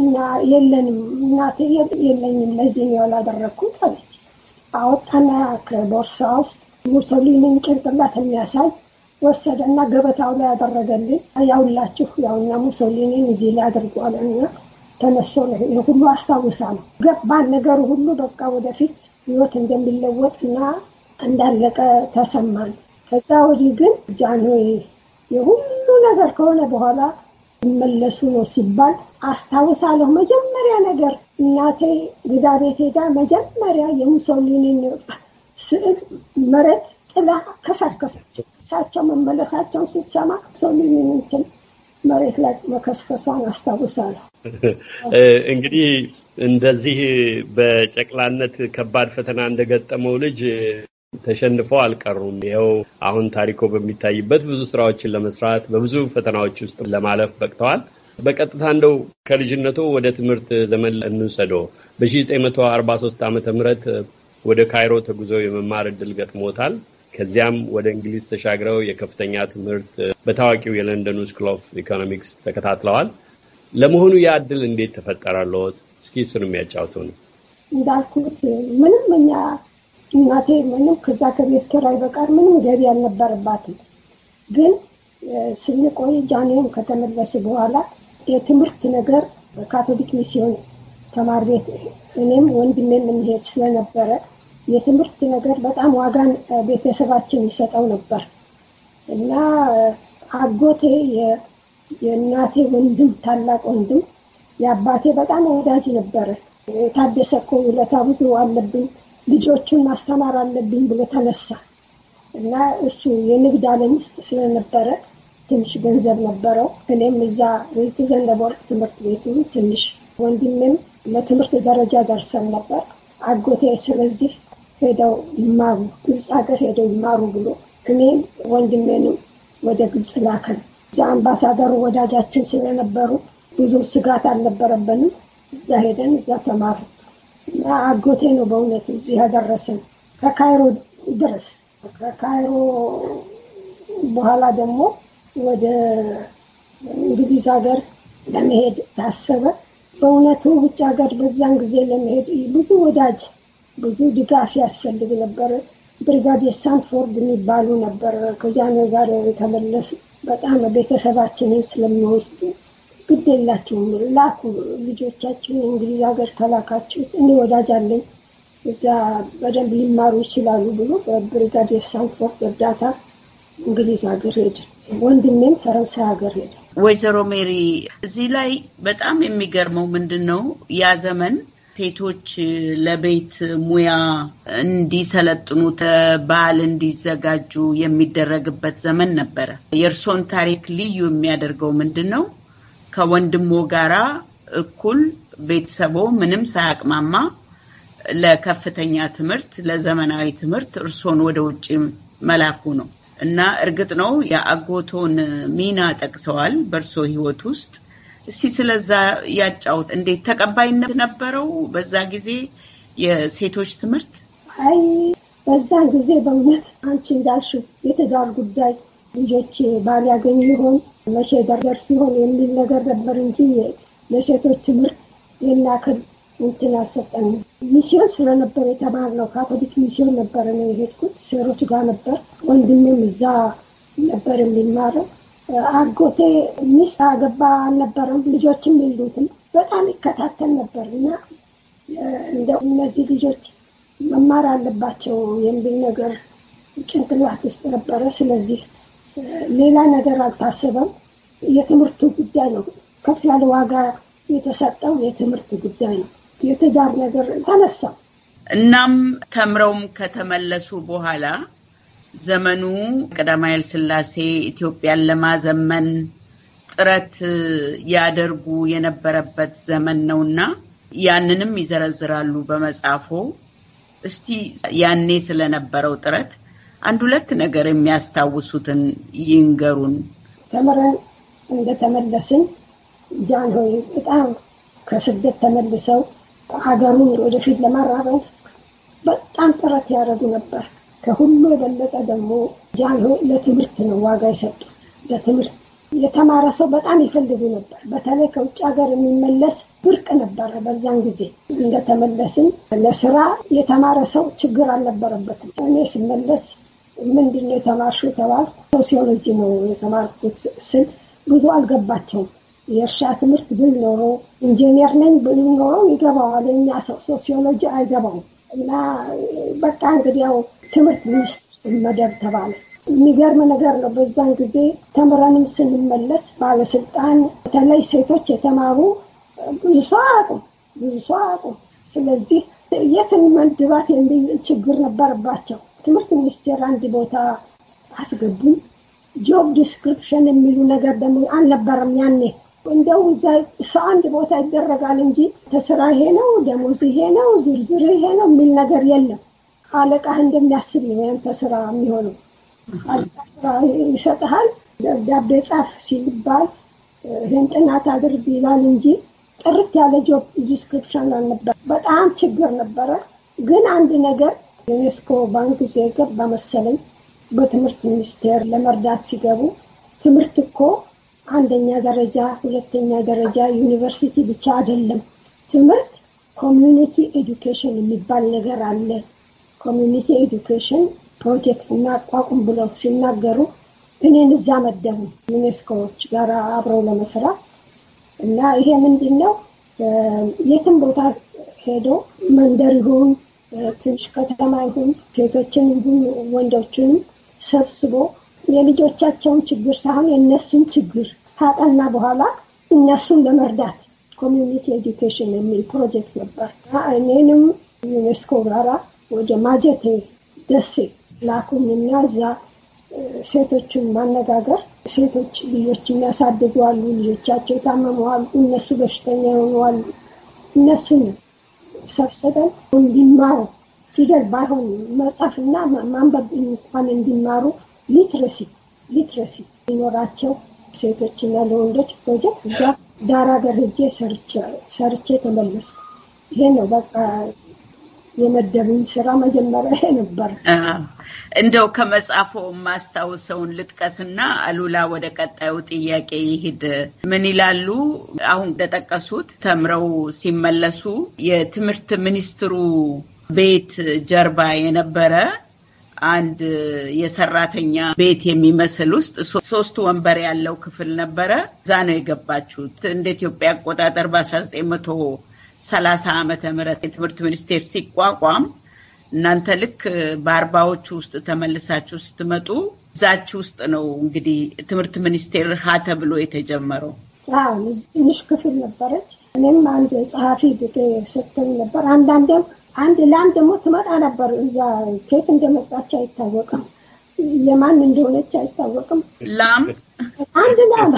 እኛ የለንም እናቴ የለኝም፣ ለዚህ ነው ያላደረግኩት አለች። አወጣና ከቦርሳ ውስጥ ሙሶሊኒን ጭንቅላት የሚያሳይ ወሰደ እና ገበታው ላይ ያደረገልኝ ያውላችሁ ያውና ሙሶሊኒን እዚህ ላይ አድርጓል እና ተነሶ ነው ሁሉ አስታውሳ ነው ገባን ነገር ሁሉ በቃ ወደፊት ህይወት እንደሚለወጥ እና እንዳለቀ ተሰማን። ከዛ ወዲህ ግን ጃንሆይ የሁሉ ነገር ከሆነ በኋላ ይመለሱ ነው ሲባል አስታውሳለሁ። መጀመሪያ ነገር እናቴ ግዳ ቤት ሄዳ መጀመሪያ የሙሶሊኒን ስዕል መሬት ጥላ ከሰከሰችው። እሳቸው መመለሳቸውን ሲሰማ ሶሊምን እንትን መሬት ላይ መከስከሷን አስታውሳለሁ። እንግዲህ እንደዚህ በጨቅላነት ከባድ ፈተና እንደገጠመው ልጅ ተሸንፈው አልቀሩም። ይኸው አሁን ታሪኮ በሚታይበት ብዙ ስራዎችን ለመስራት በብዙ ፈተናዎች ውስጥ ለማለፍ በቅተዋል። በቀጥታ እንደው ከልጅነቱ ወደ ትምህርት ዘመን እንውሰዶ በ በ1943 ዓ ም ወደ ካይሮ ተጉዞ የመማር እድል ገጥሞታል። ከዚያም ወደ እንግሊዝ ተሻግረው የከፍተኛ ትምህርት በታዋቂው የለንደኑ ስኩል ኦፍ ኢኮኖሚክስ ተከታትለዋል። ለመሆኑ ያ እድል እንዴት ተፈጠራለዎት? እስኪ እሱን ነው። እንዳልኩት ምንም እኛ እናቴ ምንም ከዛ ከቤት ኪራይ በቀር ምንም ገቢ አልነበረባትም። ግን ስንቆይ ጃንሆም ከተመለሰ በኋላ የትምህርት ነገር በካቶሊክ ሚስዮን ተማር ቤት እኔም ወንድሜ የምንሄድ ስለነበረ የትምህርት ነገር በጣም ዋጋን ቤተሰባችን ይሰጠው ነበር እና አጎቴ የእናቴ ወንድም ታላቅ ወንድም የአባቴ በጣም ወዳጅ ነበረ። የታደሰ እኮ ውለታ ብዙ አለብኝ፣ ልጆቹን ማስተማር አለብኝ ብሎ ተነሳ እና እሱ የንግድ ዓለም ውስጥ ስለነበረ ትንሽ ገንዘብ ነበረው። እኔም እዛ ዘነበ ወርቅ ትምህርት ቤቱ ትንሽ ወንድምም ለትምህርት ደረጃ ደርሰን ነበር አጎቴ ስለዚህ ሄደው ይማሩ ግብፅ ሀገር ሄደው ይማሩ ብሎ እኔም ወንድሜንም ወደ ግብፅ ላከን። እዚያ አምባሳደሩ ወዳጃችን ስለነበሩ ብዙ ስጋት አልነበረብንም። እዛ ሄደን እዛ ተማሩ። አጎቴ ነው በእውነት እዚህ ያደረሰን ከካይሮ ድረስ። ከካይሮ በኋላ ደግሞ ወደ እንግሊዝ ሀገር ለመሄድ ታሰበ። በእውነቱ ውጭ ሀገር በዛን ጊዜ ለመሄድ ብዙ ወዳጅ ብዙ ድጋፍ ያስፈልግ ነበር። ብሪጋዴር ሳንፎርድ የሚባሉ ነበር ከዚያ ጋር የተመለሱ በጣም ቤተሰባችንን ስለሚወስዱ ግድ የላችሁም ላኩ ልጆቻችሁን እንግሊዝ ሀገር ከላካችሁት እኔ ወዳጅ አለኝ እዛ በደንብ ሊማሩ ይችላሉ ብሎ በብሪጋዴር ሳንፎርድ እርዳታ እንግሊዝ ሀገር ሄደ። ወንድሜም ፈረንሳይ ሀገር ሄደ። ወይዘሮ ሜሪ እዚህ ላይ በጣም የሚገርመው ምንድን ነው ያ ዘመን ሴቶች ለቤት ሙያ እንዲሰለጥኑ በዓል እንዲዘጋጁ የሚደረግበት ዘመን ነበረ። የእርሶን ታሪክ ልዩ የሚያደርገው ምንድን ነው? ከወንድሞ ጋራ እኩል ቤተሰቦ ምንም ሳያቅማማ ለከፍተኛ ትምህርት ለዘመናዊ ትምህርት እርሶን ወደ ውጭ መላኩ ነው እና እርግጥ ነው የአጎቶን ሚና ጠቅሰዋል በእርሶ ህይወት ውስጥ እስቲ ስለዛ ያጫውት። እንዴት ተቀባይነት ነበረው በዛ ጊዜ የሴቶች ትምህርት? አይ በዛን ጊዜ በእውነት አንቺ እንዳልሽው የትዳር ጉዳይ ልጆች ባል ያገኙ ይሆን መቼ ደርስ ይሆን የሚል ነገር ነበር እንጂ የሴቶች ትምህርት የናክል እንትን አልሰጠንም። ሚስዮን ስለነበር የተማርነው ካቶሊክ ሚስዮን ነበረ ነው የሄድኩት። ሴሮች ጋር ነበር ወንድሜም እዛ ነበር የሚማረው አጎቴ ሚስት አገባ አልነበረም፣ ልጆችም የሉትም። በጣም ይከታተል ነበር እና እንደ እነዚህ ልጆች መማር አለባቸው የሚል ነገር ጭንቅላት ውስጥ ነበረ። ስለዚህ ሌላ ነገር አልታሰበም። የትምህርቱ ጉዳይ ነው ከፍ ያለ ዋጋ የተሰጠው የትምህርት ጉዳይ ነው። የትዳር ነገር ተነሳው። እናም ተምረውም ከተመለሱ በኋላ ዘመኑ ቀዳማዊ ኃይለ ሥላሴ ኢትዮጵያን ለማዘመን ጥረት ያደርጉ የነበረበት ዘመን ነውና ያንንም ይዘረዝራሉ በመጽሐፎ። እስቲ ያኔ ስለነበረው ጥረት አንድ ሁለት ነገር የሚያስታውሱትን ይንገሩን። ተምረን እንደተመለስን ጃን ሆይ በጣም ከስደት ተመልሰው ሀገሩን ወደፊት ለማራበት በጣም ጥረት ያደረጉ ነበር። ከሁሉ የበለጠ ደግሞ ጃኖ ለትምህርት ነው ዋጋ የሰጡት። ለትምህርት የተማረ ሰው በጣም ይፈልጉ ነበር። በተለይ ከውጭ ሀገር የሚመለስ ብርቅ ነበረ። በዛን ጊዜ እንደተመለስን ለስራ የተማረ ሰው ችግር አልነበረበትም። እኔ ስመለስ ምንድን ነው የተማርሽው የተባልኩ ሶሲዮሎጂ ነው የተማርኩት ስል ብዙ አልገባቸውም። የእርሻ ትምህርት ብል ኖሮ ኢንጂነር ነኝ ብል ኖሮ ይገባዋል። የእኛ ሰው ሶሲዮሎጂ አይገባውም። እና በቃ ያው ትምህርት ሚኒስቴር መደብ ተባለ። የሚገርም ነገር ነው። በዛን ጊዜ ተምረንም ስንመለስ ባለስልጣን በተለይ ሴቶች የተማሩ ብዙ ሰው አያውቁም፣ ብዙ ሰው አያውቁም። ስለዚህ የትን መድባት የሚል ችግር ነበረባቸው። ትምህርት ሚኒስቴር አንድ ቦታ አስገቡም። ጆብ ዲስክሪፕሽን የሚሉ ነገር ደግሞ አልነበረም ያኔ እንደው እዛ አንድ ቦታ ይደረጋል እንጂ ተስራ ይሄ ነው፣ ደሞዝ ይሄ ነው፣ ዝርዝር ይሄ ነው የሚል ነገር የለም። አለቃህ እንደሚያስብ ነው ወይም ተስራ የሚሆነው አለቃ ስራ ይሰጥሃል፣ ደብዳቤ ጻፍ ሲባል ይህን ጥናት አድርግ ይላል እንጂ ጥርት ያለ ጆብ ዲስክሪፕሽን አልነበረ። በጣም ችግር ነበረ። ግን አንድ ነገር ዩኔስኮ ባንክ ዜገብ በመሰለኝ በትምህርት ሚኒስቴር ለመርዳት ሲገቡ ትምህርት እኮ አንደኛ ደረጃ፣ ሁለተኛ ደረጃ ዩኒቨርሲቲ ብቻ አይደለም። ትምህርት ኮሚዩኒቲ ኤዱኬሽን የሚባል ነገር አለ። ኮሚዩኒቲ ኤዱኬሽን ፕሮጀክት አቋቁም ብለው ሲናገሩ እኔን እዛ መደቡ ዩኔስኮዎች ጋር አብረው ለመስራት እና ይሄ ምንድን ነው የትም ቦታ ሄዶ መንደር ይሁን ትንሽ ከተማ ይሁን ሴቶችን ይሁን ወንዶችንም ሰብስቦ የልጆቻቸውን ችግር ሳይሆን የእነሱን ችግር ካጠና በኋላ እነሱን ለመርዳት ኮሚዩኒቲ ኤዱኬሽን የሚል ፕሮጀክት ነበር። እኔንም ዩኔስኮ ጋራ ወደ ማጀቴ ደሴ ላኩኝና እዛ ሴቶችን ማነጋገር ሴቶች ልጆች የሚያሳድጉ አሉ፣ ልጆቻቸው ታመመዋል፣ እነሱ በሽተኛ የሆነዋሉ። እነሱን ሰብስበን እንዲማሩ ፊደል ባይሆን መጻፍና ማንበብ እንኳን እንዲማሩ ሊትረሲ ሊትረሲ ሊኖራቸው ሴቶችና ለወንዶች ፕሮጀክት እዛ ዳራ ሀገር ሰርቼ ተመለስኩ። ይሄ ነው በቃ የመደብኝ ስራ መጀመሪያ ይሄ ነበር። እንደው ከመጽሐፎ ማስታውሰውን ልጥቀስና አሉላ ወደ ቀጣዩ ጥያቄ ይሂድ። ምን ይላሉ? አሁን እንደጠቀሱት ተምረው ሲመለሱ የትምህርት ሚኒስትሩ ቤት ጀርባ የነበረ አንድ የሰራተኛ ቤት የሚመስል ውስጥ ሶስት ወንበር ያለው ክፍል ነበረ። እዛ ነው የገባችሁት? እንደ ኢትዮጵያ አቆጣጠር በ1930 ዓመተ ምህረት የትምህርት ሚኒስቴር ሲቋቋም እናንተ ልክ በአርባዎቹ ውስጥ ተመልሳችሁ ስትመጡ እዛች ውስጥ ነው እንግዲህ ትምህርት ሚኒስቴር ሀ ተብሎ የተጀመረው። ትንሽ ክፍል ነበረች። እኔም አንድ ጸሐፊ ስትል ነበር አንዳንዴም አንድ ላም ደግሞ ትመጣ ነበር። እዛ ከየት እንደመጣች አይታወቅም፣ የማን እንደሆነች አይታወቅም። ላም አንድ ላም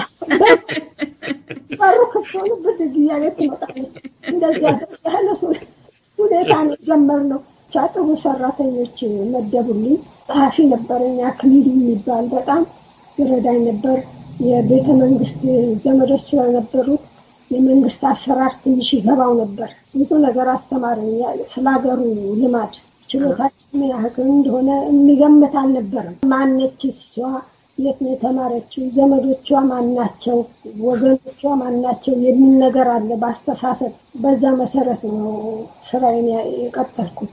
በሩ ክፍት ሆኖ ብድ ጊዜ ትመጣለች። እንደዚያ ያለ ሁኔታ ነው የጀመርነው። ብቻ ጥሩ ሰራተኞች መደቡልኝ። ጸሐፊ ነበረኝ አክሊሉ የሚባል በጣም ይረዳኝ ነበር። የቤተ መንግስት ዘመዶች ስለነበሩት የመንግስት አሰራር ትንሽ ይገባው ነበር። ብዙ ነገር አስተማረኝ። ስለ ሀገሩ ልማድ ችሎታችን ምን ያህል እንደሆነ እንገምት አልነበርም። ማነች እሷ? የት ነው የተማረችው? ዘመዶቿ ማናቸው? ወገኖቿ ማናቸው? የሚል ነገር አለ በአስተሳሰብ። በዛ መሰረት ነው ስራዬን የቀጠልኩት።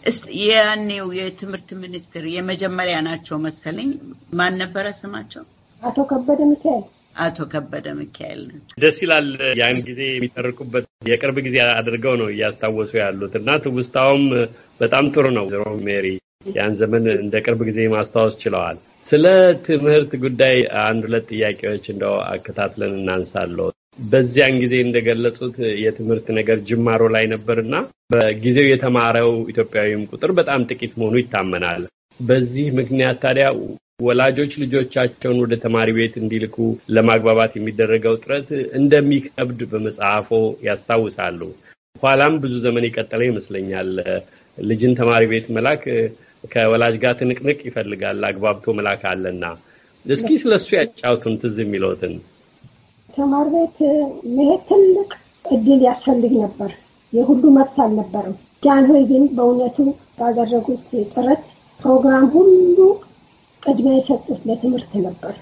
ያኔው የትምህርት ሚኒስትር የመጀመሪያ ናቸው መሰለኝ። ማን ነበረ ስማቸው? አቶ ከበደ ሚካኤል አቶ ከበደ ሚካኤል ናቸው። ደስ ይላል። ያን ጊዜ የሚጠርቁበት የቅርብ ጊዜ አድርገው ነው እያስታወሱ ያሉት እና ትውስታውም በጣም ጥሩ ነው። ሮ ሜሪ ያን ዘመን እንደ ቅርብ ጊዜ ማስታወስ ችለዋል። ስለ ትምህርት ጉዳይ አንድ ሁለት ጥያቄዎች እንደው አከታትለን እናንሳለሁ። በዚያን ጊዜ እንደገለጹት የትምህርት ነገር ጅማሮ ላይ ነበር በጊዜው የተማረው ኢትዮጵያዊም ቁጥር በጣም ጥቂት መሆኑ ይታመናል። በዚህ ምክንያት ታዲያ ወላጆች ልጆቻቸውን ወደ ተማሪ ቤት እንዲልኩ ለማግባባት የሚደረገው ጥረት እንደሚከብድ በመጽሐፎ ያስታውሳሉ። ኋላም ብዙ ዘመን የቀጠለ ይመስለኛል። ልጅን ተማሪ ቤት መላክ ከወላጅ ጋር ትንቅንቅ ይፈልጋል፣ አግባብቶ መላክ አለና። እስኪ እሱ ያጫውቱን ትዝ የሚለውትን። ተማሪ ቤት መሄድ ትልቅ እድል ያስፈልግ ነበር። የሁሉ መብት አልነበረም። ጃንሆይ ግን በእውነቱ ባደረጉት ጥረት ፕሮግራም ሁሉ ቅድሚያ የሰጡት ለትምህርት ነበር።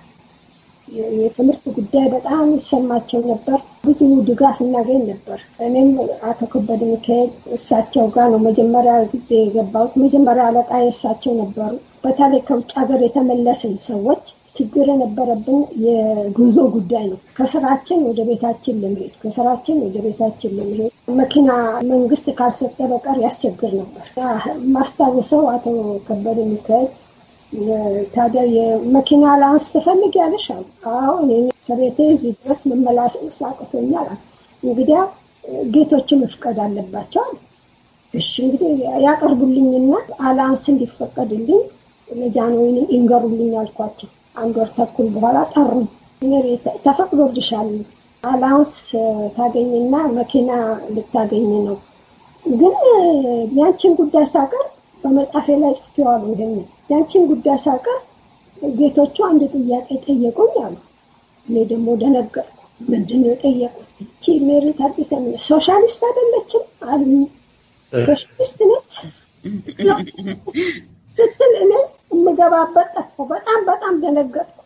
የትምህርት ጉዳይ በጣም ይሰማቸው ነበር። ብዙ ድጋፍ እናገኝ ነበር። እኔም አቶ ከበደ ሚካኤል እሳቸው ጋር ነው መጀመሪያ ጊዜ የገባሁት። መጀመሪያ አለቃ የእሳቸው ነበሩ። በተለይ ከውጭ ሀገር የተመለስን ሰዎች ችግር የነበረብን የጉዞ ጉዳይ ነው። ከስራችን ወደ ቤታችን ለመሄድ ከስራችን ወደ ቤታችን ለመሄድ መኪና መንግስት ካልሰጠ በቀር ያስቸግር ነበር። ማስታውሰው አቶ ከበደ ሚካኤል ታዲያ የመኪና አላንስ ያለሻል? አሁን ከቤቴ እዚህ ድረስ መመላስ አቅቶኛል። እንግዲያ ጌቶች መፍቀድ አለባቸዋል። እሺ እንግዲህ ያቀርቡልኝና አላንስ እንዲፈቀድልኝ ለጃን ለጃንሆይን ይንገሩልኝ አልኳቸው። አንድ ወር ተኩል በኋላ ጠሩ። ተፈቅዶልሻል፣ አላንስ ታገኝና መኪና ልታገኝ ነው። ግን ያንቺን ጉዳይ ሳቀር በመጽሐፌ ላይ ጽፌዋለሁ ይሄንን ያቺን ጉዳይ ሳቀር ጌቶቹ አንድ ጥያቄ ጠየቁኝ አሉ። እኔ ደግሞ ደነገጥኩ። ምንድን ነው የጠየቁት? እቺ ሜሪ ታደሰ ሶሻሊስት አይደለችም አሉ። ሶሻሊስት ነች ስትል እኔ የምገባበት ጠፋሁ። በጣም በጣም ደነገጥኩ።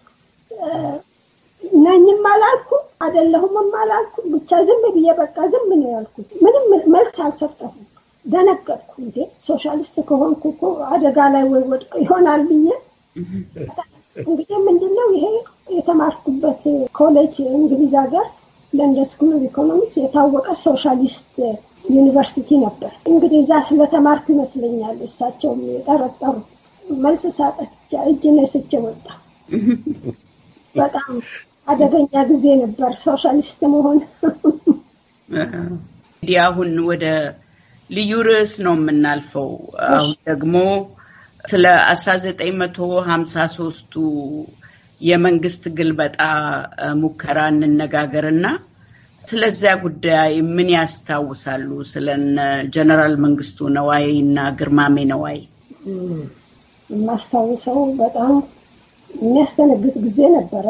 ነኝም አላልኩ አይደለሁም አላልኩ። ብቻ ዝም ብዬ በቃ ዝም ነው ያልኩት። ምንም መልስ አልሰጠሁም። ደነገጥኩ። እንዴ ሶሻሊስት ከሆንኩ እኮ አደጋ ላይ ወይ ወድቅ ይሆናል ብዬ እንግዲህ ምንድነው ይሄ የተማርኩበት ኮሌጅ እንግሊዝ ሀገር ለንደን ስኩል ኦፍ ኢኮኖሚክስ የታወቀ ሶሻሊስት ዩኒቨርሲቲ ነበር። እንግዲህ እዛ ስለተማርኩ ይመስለኛል እሳቸውም የጠረጠሩ። መልስ ሳጠቻ እጅ ነስቼ ወጣ። በጣም አደገኛ ጊዜ ነበር ሶሻሊስት መሆን። እንግዲህ አሁን ወደ ልዩ ርዕስ ነው የምናልፈው። አሁን ደግሞ ስለ አስራ ዘጠኝ መቶ ሀምሳ ሶስቱ የመንግስት ግልበጣ ሙከራ እንነጋገርና ስለዚያ ጉዳይ ምን ያስታውሳሉ? ስለ ጀነራል መንግስቱ ነዋይ እና ግርማሜ ነዋይ የማስታውሰው በጣም የሚያስደነግጥ ጊዜ ነበረ።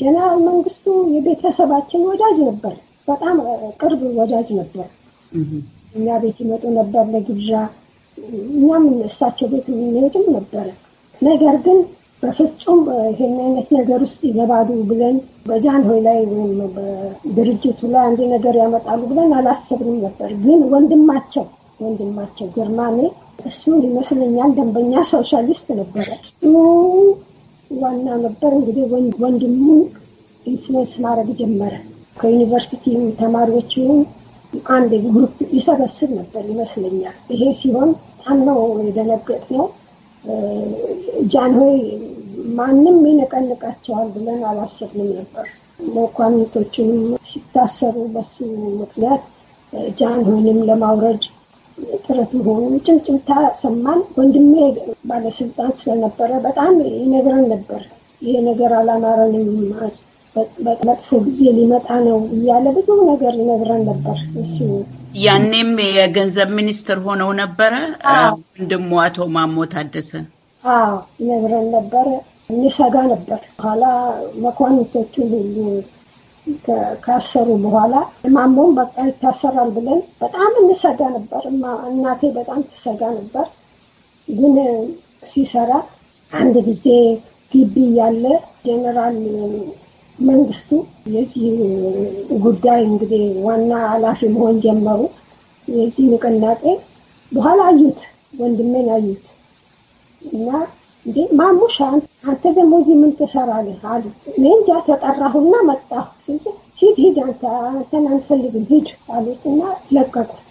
ጀነራል መንግስቱ የቤተሰባችን ወዳጅ ነበር፣ በጣም ቅርብ ወዳጅ ነበር። እኛ ቤት ይመጡ ነበር ለግብዣ፣ እኛም እሳቸው ቤት የምንሄድም ነበረ። ነገር ግን በፍጹም ይሄን አይነት ነገር ውስጥ ይገባሉ ብለን ሆይ ላይ ወይም በድርጅቱ ላይ አንድ ነገር ያመጣሉ ብለን አላሰብንም ነበር። ግን ወንድማቸው ወንድማቸው ግርማኔ እሱ ይመስለኛል ደንበኛ ሶሻሊስት ነበረ። እሱ ዋና ነበር እንግዲህ ወንድሙን ኢንፍሉዌንስ ማድረግ ጀመረ። ከዩኒቨርሲቲ ተማሪዎች አንድ ግሩፕ ይሰበስብ ነበር ይመስለኛል። ይሄ ሲሆን በጣም ነው የደነገጥ ነው። ጃንሆይ ማንም ይነቀንቃቸዋል ብለን አላሰብንም ነበር። መኳንቶችንም ሲታሰሩ በሱ ምክንያት ጃንሆይንም ለማውረድ ጥረት መሆኑ ጭምጭምታ ሰማን። ወንድሜ ባለስልጣን ስለነበረ በጣም ይነግረን ነበር። ይሄ ነገር አላማረንም መጥፎ ጊዜ ሊመጣ ነው እያለ ብዙ ነገር ሊነግረን ነበር። እሱ ያኔም የገንዘብ ሚኒስትር ሆነው ነበረ ወንድሙ አቶ ማሞ ታደሰ ይነግረን ነበር። እንሰጋ ነበር። በኋላ መኳንቶቹን ሁሉ ካሰሩ በኋላ ማሞም በቃ ይታሰራል ብለን በጣም እንሰጋ ነበር። እናቴ በጣም ትሰጋ ነበር። ግን ሲሰራ አንድ ጊዜ ግቢ እያለ ጀነራል መንግስቱ የዚህ ጉዳይ እንግዲህ ዋና ኃላፊ መሆን ጀመሩ። የዚህ ንቅናቄ በኋላ አዩት፣ ወንድሜን አዩት እና እንዴ ማሙሻ አንተ ደግሞ እዚህ ምን ትሰራለህ አሉት። እኔ እንጃ ተጠራሁና መጣሁ። ሂድ ሂድ፣ አንተ አንተን አንፈልግም ሂድ አሉት እና ለቀቁት።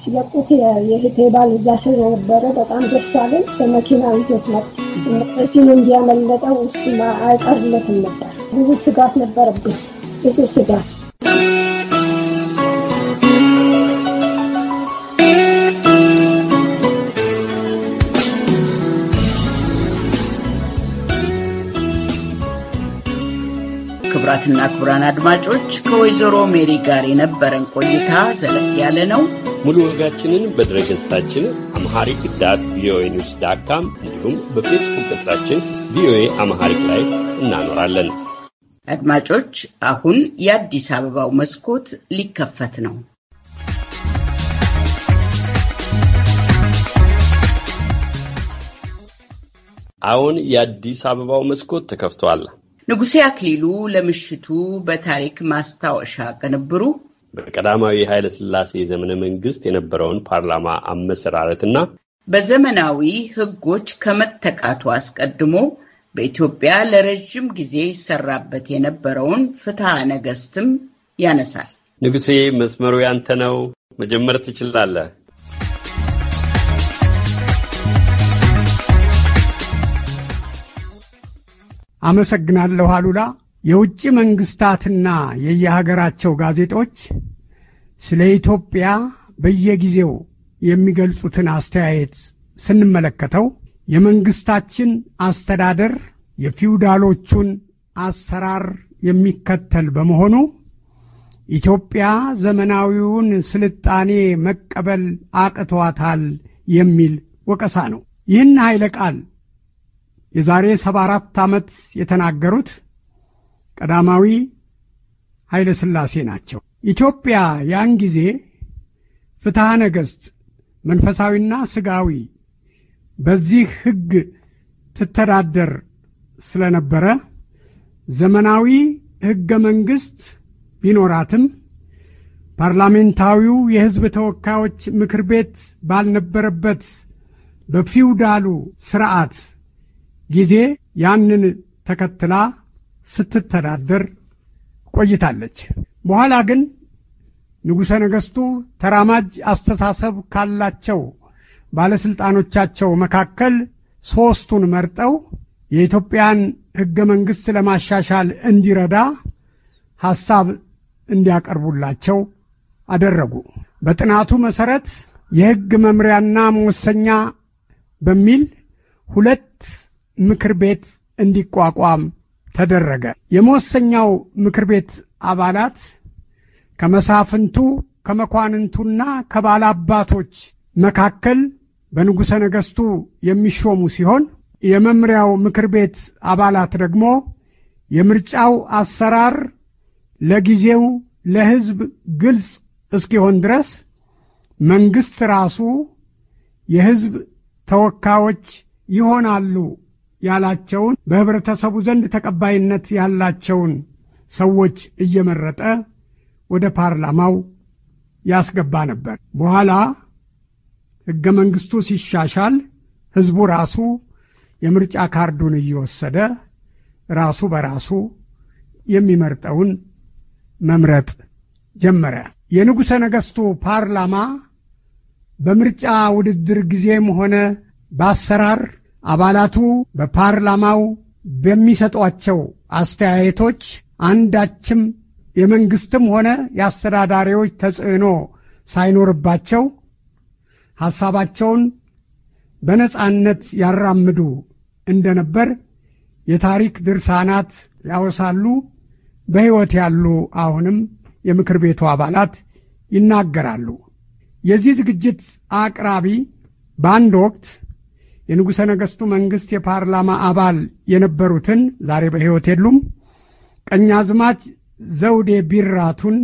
ሲለቁት የእህቴ ባል እዛ ስለነበረ በጣም ደስ አለኝ። በመኪና ይዞት መጡ። እነዚህን እንዲያመለጠው እሱ አይቀርለትም ነበር። ብዙ ስጋት ነበረብኝ፣ ብዙ ስጋት። ክቡራትና ክቡራን አድማጮች ከወይዘሮ ሜሪ ጋር የነበረን ቆይታ ዘለቅ ያለ ነው። ሙሉ ወጋችንን በድረገጻችን አምሃሪክ ዳት ቪኦኤ ኒውስ ዳት ካም እንዲሁም በፌስቡክ ገጻችን ቪኦኤ አምሃሪክ ላይ እናኖራለን። አድማጮች፣ አሁን የአዲስ አበባው መስኮት ሊከፈት ነው። አሁን የአዲስ አበባው መስኮት ተከፍቷል። ንጉሴ አክሊሉ ለምሽቱ በታሪክ ማስታወሻ ቅንብሩ በቀዳማዊ ኃይለ ሥላሴ ዘመነ መንግስት የነበረውን ፓርላማ አመሰራረትና በዘመናዊ ህጎች ከመተካቱ አስቀድሞ በኢትዮጵያ ለረዥም ጊዜ ይሰራበት የነበረውን ፍትሐ ነገስትም ያነሳል። ንጉሴ፣ መስመሩ ያንተ ነው። መጀመር ትችላለህ። አመሰግናለሁ አሉላ። የውጭ መንግስታትና የየሀገራቸው ጋዜጦች ስለ ኢትዮጵያ በየጊዜው የሚገልጹትን አስተያየት ስንመለከተው የመንግስታችን አስተዳደር የፊውዳሎቹን አሰራር የሚከተል በመሆኑ ኢትዮጵያ ዘመናዊውን ስልጣኔ መቀበል አቅቷታል የሚል ወቀሳ ነው። ይህን ኃይለ ቃል የዛሬ ሰባ አራት ዓመት የተናገሩት ቀዳማዊ ኃይለ ሥላሴ ናቸው። ኢትዮጵያ ያን ጊዜ ፍትሐ ነገሥት መንፈሳዊና ስጋዊ በዚህ ሕግ ትተዳደር ስለነበረ ዘመናዊ ሕገ መንግሥት ቢኖራትም ፓርላሜንታዊው የሕዝብ ተወካዮች ምክር ቤት ባልነበረበት በፊውዳሉ ስርዓት ጊዜ ያንን ተከትላ ስትተዳደር ቆይታለች። በኋላ ግን ንጉሠ ነገሥቱ ተራማጅ አስተሳሰብ ካላቸው ባለሥልጣኖቻቸው መካከል ሦስቱን መርጠው የኢትዮጵያን ሕገ መንግሥት ለማሻሻል እንዲረዳ ሐሳብ እንዲያቀርቡላቸው አደረጉ። በጥናቱ መሠረት የሕግ መምሪያና መወሰኛ በሚል ሁለት ምክር ቤት እንዲቋቋም ተደረገ። የመወሰኛው ምክር ቤት አባላት ከመሳፍንቱ ከመኳንንቱና ከባላባቶች መካከል በንጉሠ ነገሥቱ የሚሾሙ ሲሆን የመምሪያው ምክር ቤት አባላት ደግሞ የምርጫው አሰራር ለጊዜው ለሕዝብ ግልጽ እስኪሆን ድረስ መንግሥት ራሱ የሕዝብ ተወካዮች ይሆናሉ ያላቸውን በኅብረተሰቡ ዘንድ ተቀባይነት ያላቸውን ሰዎች እየመረጠ ወደ ፓርላማው ያስገባ ነበር። በኋላ ሕገ መንግሥቱ ሲሻሻል ሕዝቡ ራሱ የምርጫ ካርዱን እየወሰደ ራሱ በራሱ የሚመርጠውን መምረጥ ጀመረ። የንጉሠ ነገሥቱ ፓርላማ በምርጫ ውድድር ጊዜም ሆነ በአሰራር አባላቱ በፓርላማው በሚሰጧቸው አስተያየቶች አንዳችም የመንግስትም ሆነ የአስተዳዳሪዎች ተጽዕኖ ሳይኖርባቸው ሐሳባቸውን በነጻነት ያራምዱ እንደነበር የታሪክ ድርሳናት ያወሳሉ። በሕይወት ያሉ አሁንም የምክር ቤቱ አባላት ይናገራሉ። የዚህ ዝግጅት አቅራቢ በአንድ ወቅት የንጉሠ ነገሥቱ መንግሥት የፓርላማ አባል የነበሩትን ዛሬ በሕይወት የሉም፣ ቀኛዝማች ዘውዴ ቢራቱን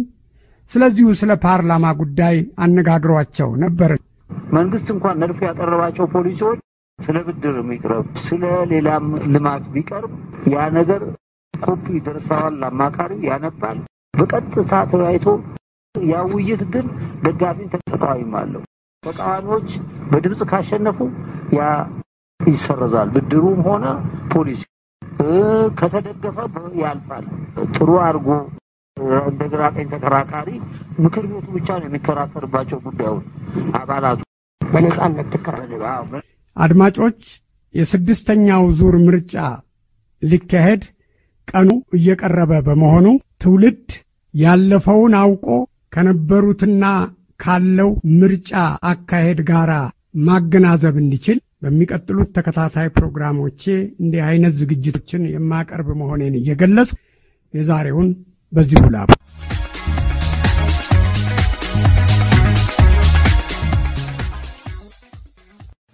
ስለዚሁ ስለ ፓርላማ ጉዳይ አነጋግሯቸው ነበር። መንግሥት እንኳን ነድፎ ያቀረባቸው ፖሊሲዎች ስለ ብድር የሚቀርብ ስለ ሌላም ልማት ቢቀርብ ያ ነገር ኮፒ ይደርሰዋል፣ አማካሪ ያነባል፣ በቀጥታ ተወያይቶ ያ ውይይት ግን ደጋፊን ተጽፋዊም አለው። ተቃዋሚዎች በድምፅ ካሸነፉ ያ ይሰረዛል። ብድሩም ሆነ ፖሊሲ ከተደገፈ ያልፋል። ጥሩ አድርጎ እንደ ግራ ቀኝ ተከራካሪ ምክር ቤቱ ብቻ ነው የሚከራከርባቸው ጉዳዮች አባላቱ በነጻነት ትከራል። አድማጮች፣ የስድስተኛው ዙር ምርጫ ሊካሄድ ቀኑ እየቀረበ በመሆኑ ትውልድ ያለፈውን አውቆ ከነበሩትና ካለው ምርጫ አካሄድ ጋር ማገናዘብ እንዲችል በሚቀጥሉት ተከታታይ ፕሮግራሞቼ እንዲህ አይነት ዝግጅቶችን የማቀርብ መሆኔን እየገለጽ የዛሬውን በዚሁ ላብ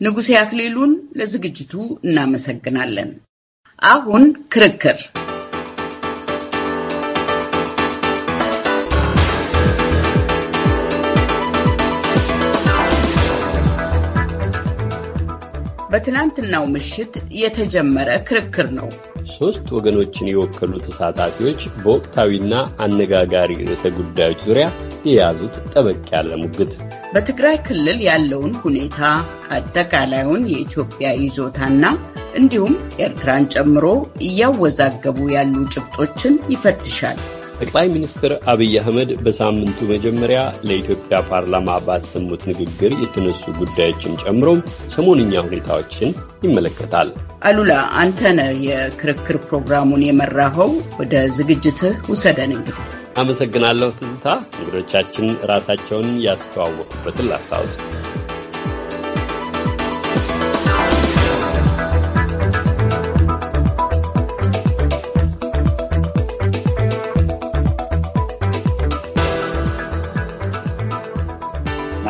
ንጉሴ አክሊሉን ለዝግጅቱ እናመሰግናለን። አሁን ክርክር በትናንትናው ምሽት የተጀመረ ክርክር ነው። ሶስት ወገኖችን የወከሉ ተሳታፊዎች በወቅታዊና አነጋጋሪ ርዕሰ ጉዳዮች ዙሪያ የያዙት ጠበቅ ያለ ሙግት በትግራይ ክልል ያለውን ሁኔታ አጠቃላዩን የኢትዮጵያ ይዞታና እንዲሁም ኤርትራን ጨምሮ እያወዛገቡ ያሉ ጭብጦችን ይፈትሻል። ጠቅላይ ሚኒስትር አብይ አህመድ በሳምንቱ መጀመሪያ ለኢትዮጵያ ፓርላማ ባሰሙት ንግግር የተነሱ ጉዳዮችን ጨምሮም ሰሞንኛ ሁኔታዎችን ይመለከታል። አሉላ፣ አንተ ነህ የክርክር ፕሮግራሙን የመራኸው። ወደ ዝግጅትህ ውሰደን። እንግዲህ አመሰግናለሁ ትዝታ። እንግዶቻችን ራሳቸውን ያስተዋወቁበትን ላስታውስ።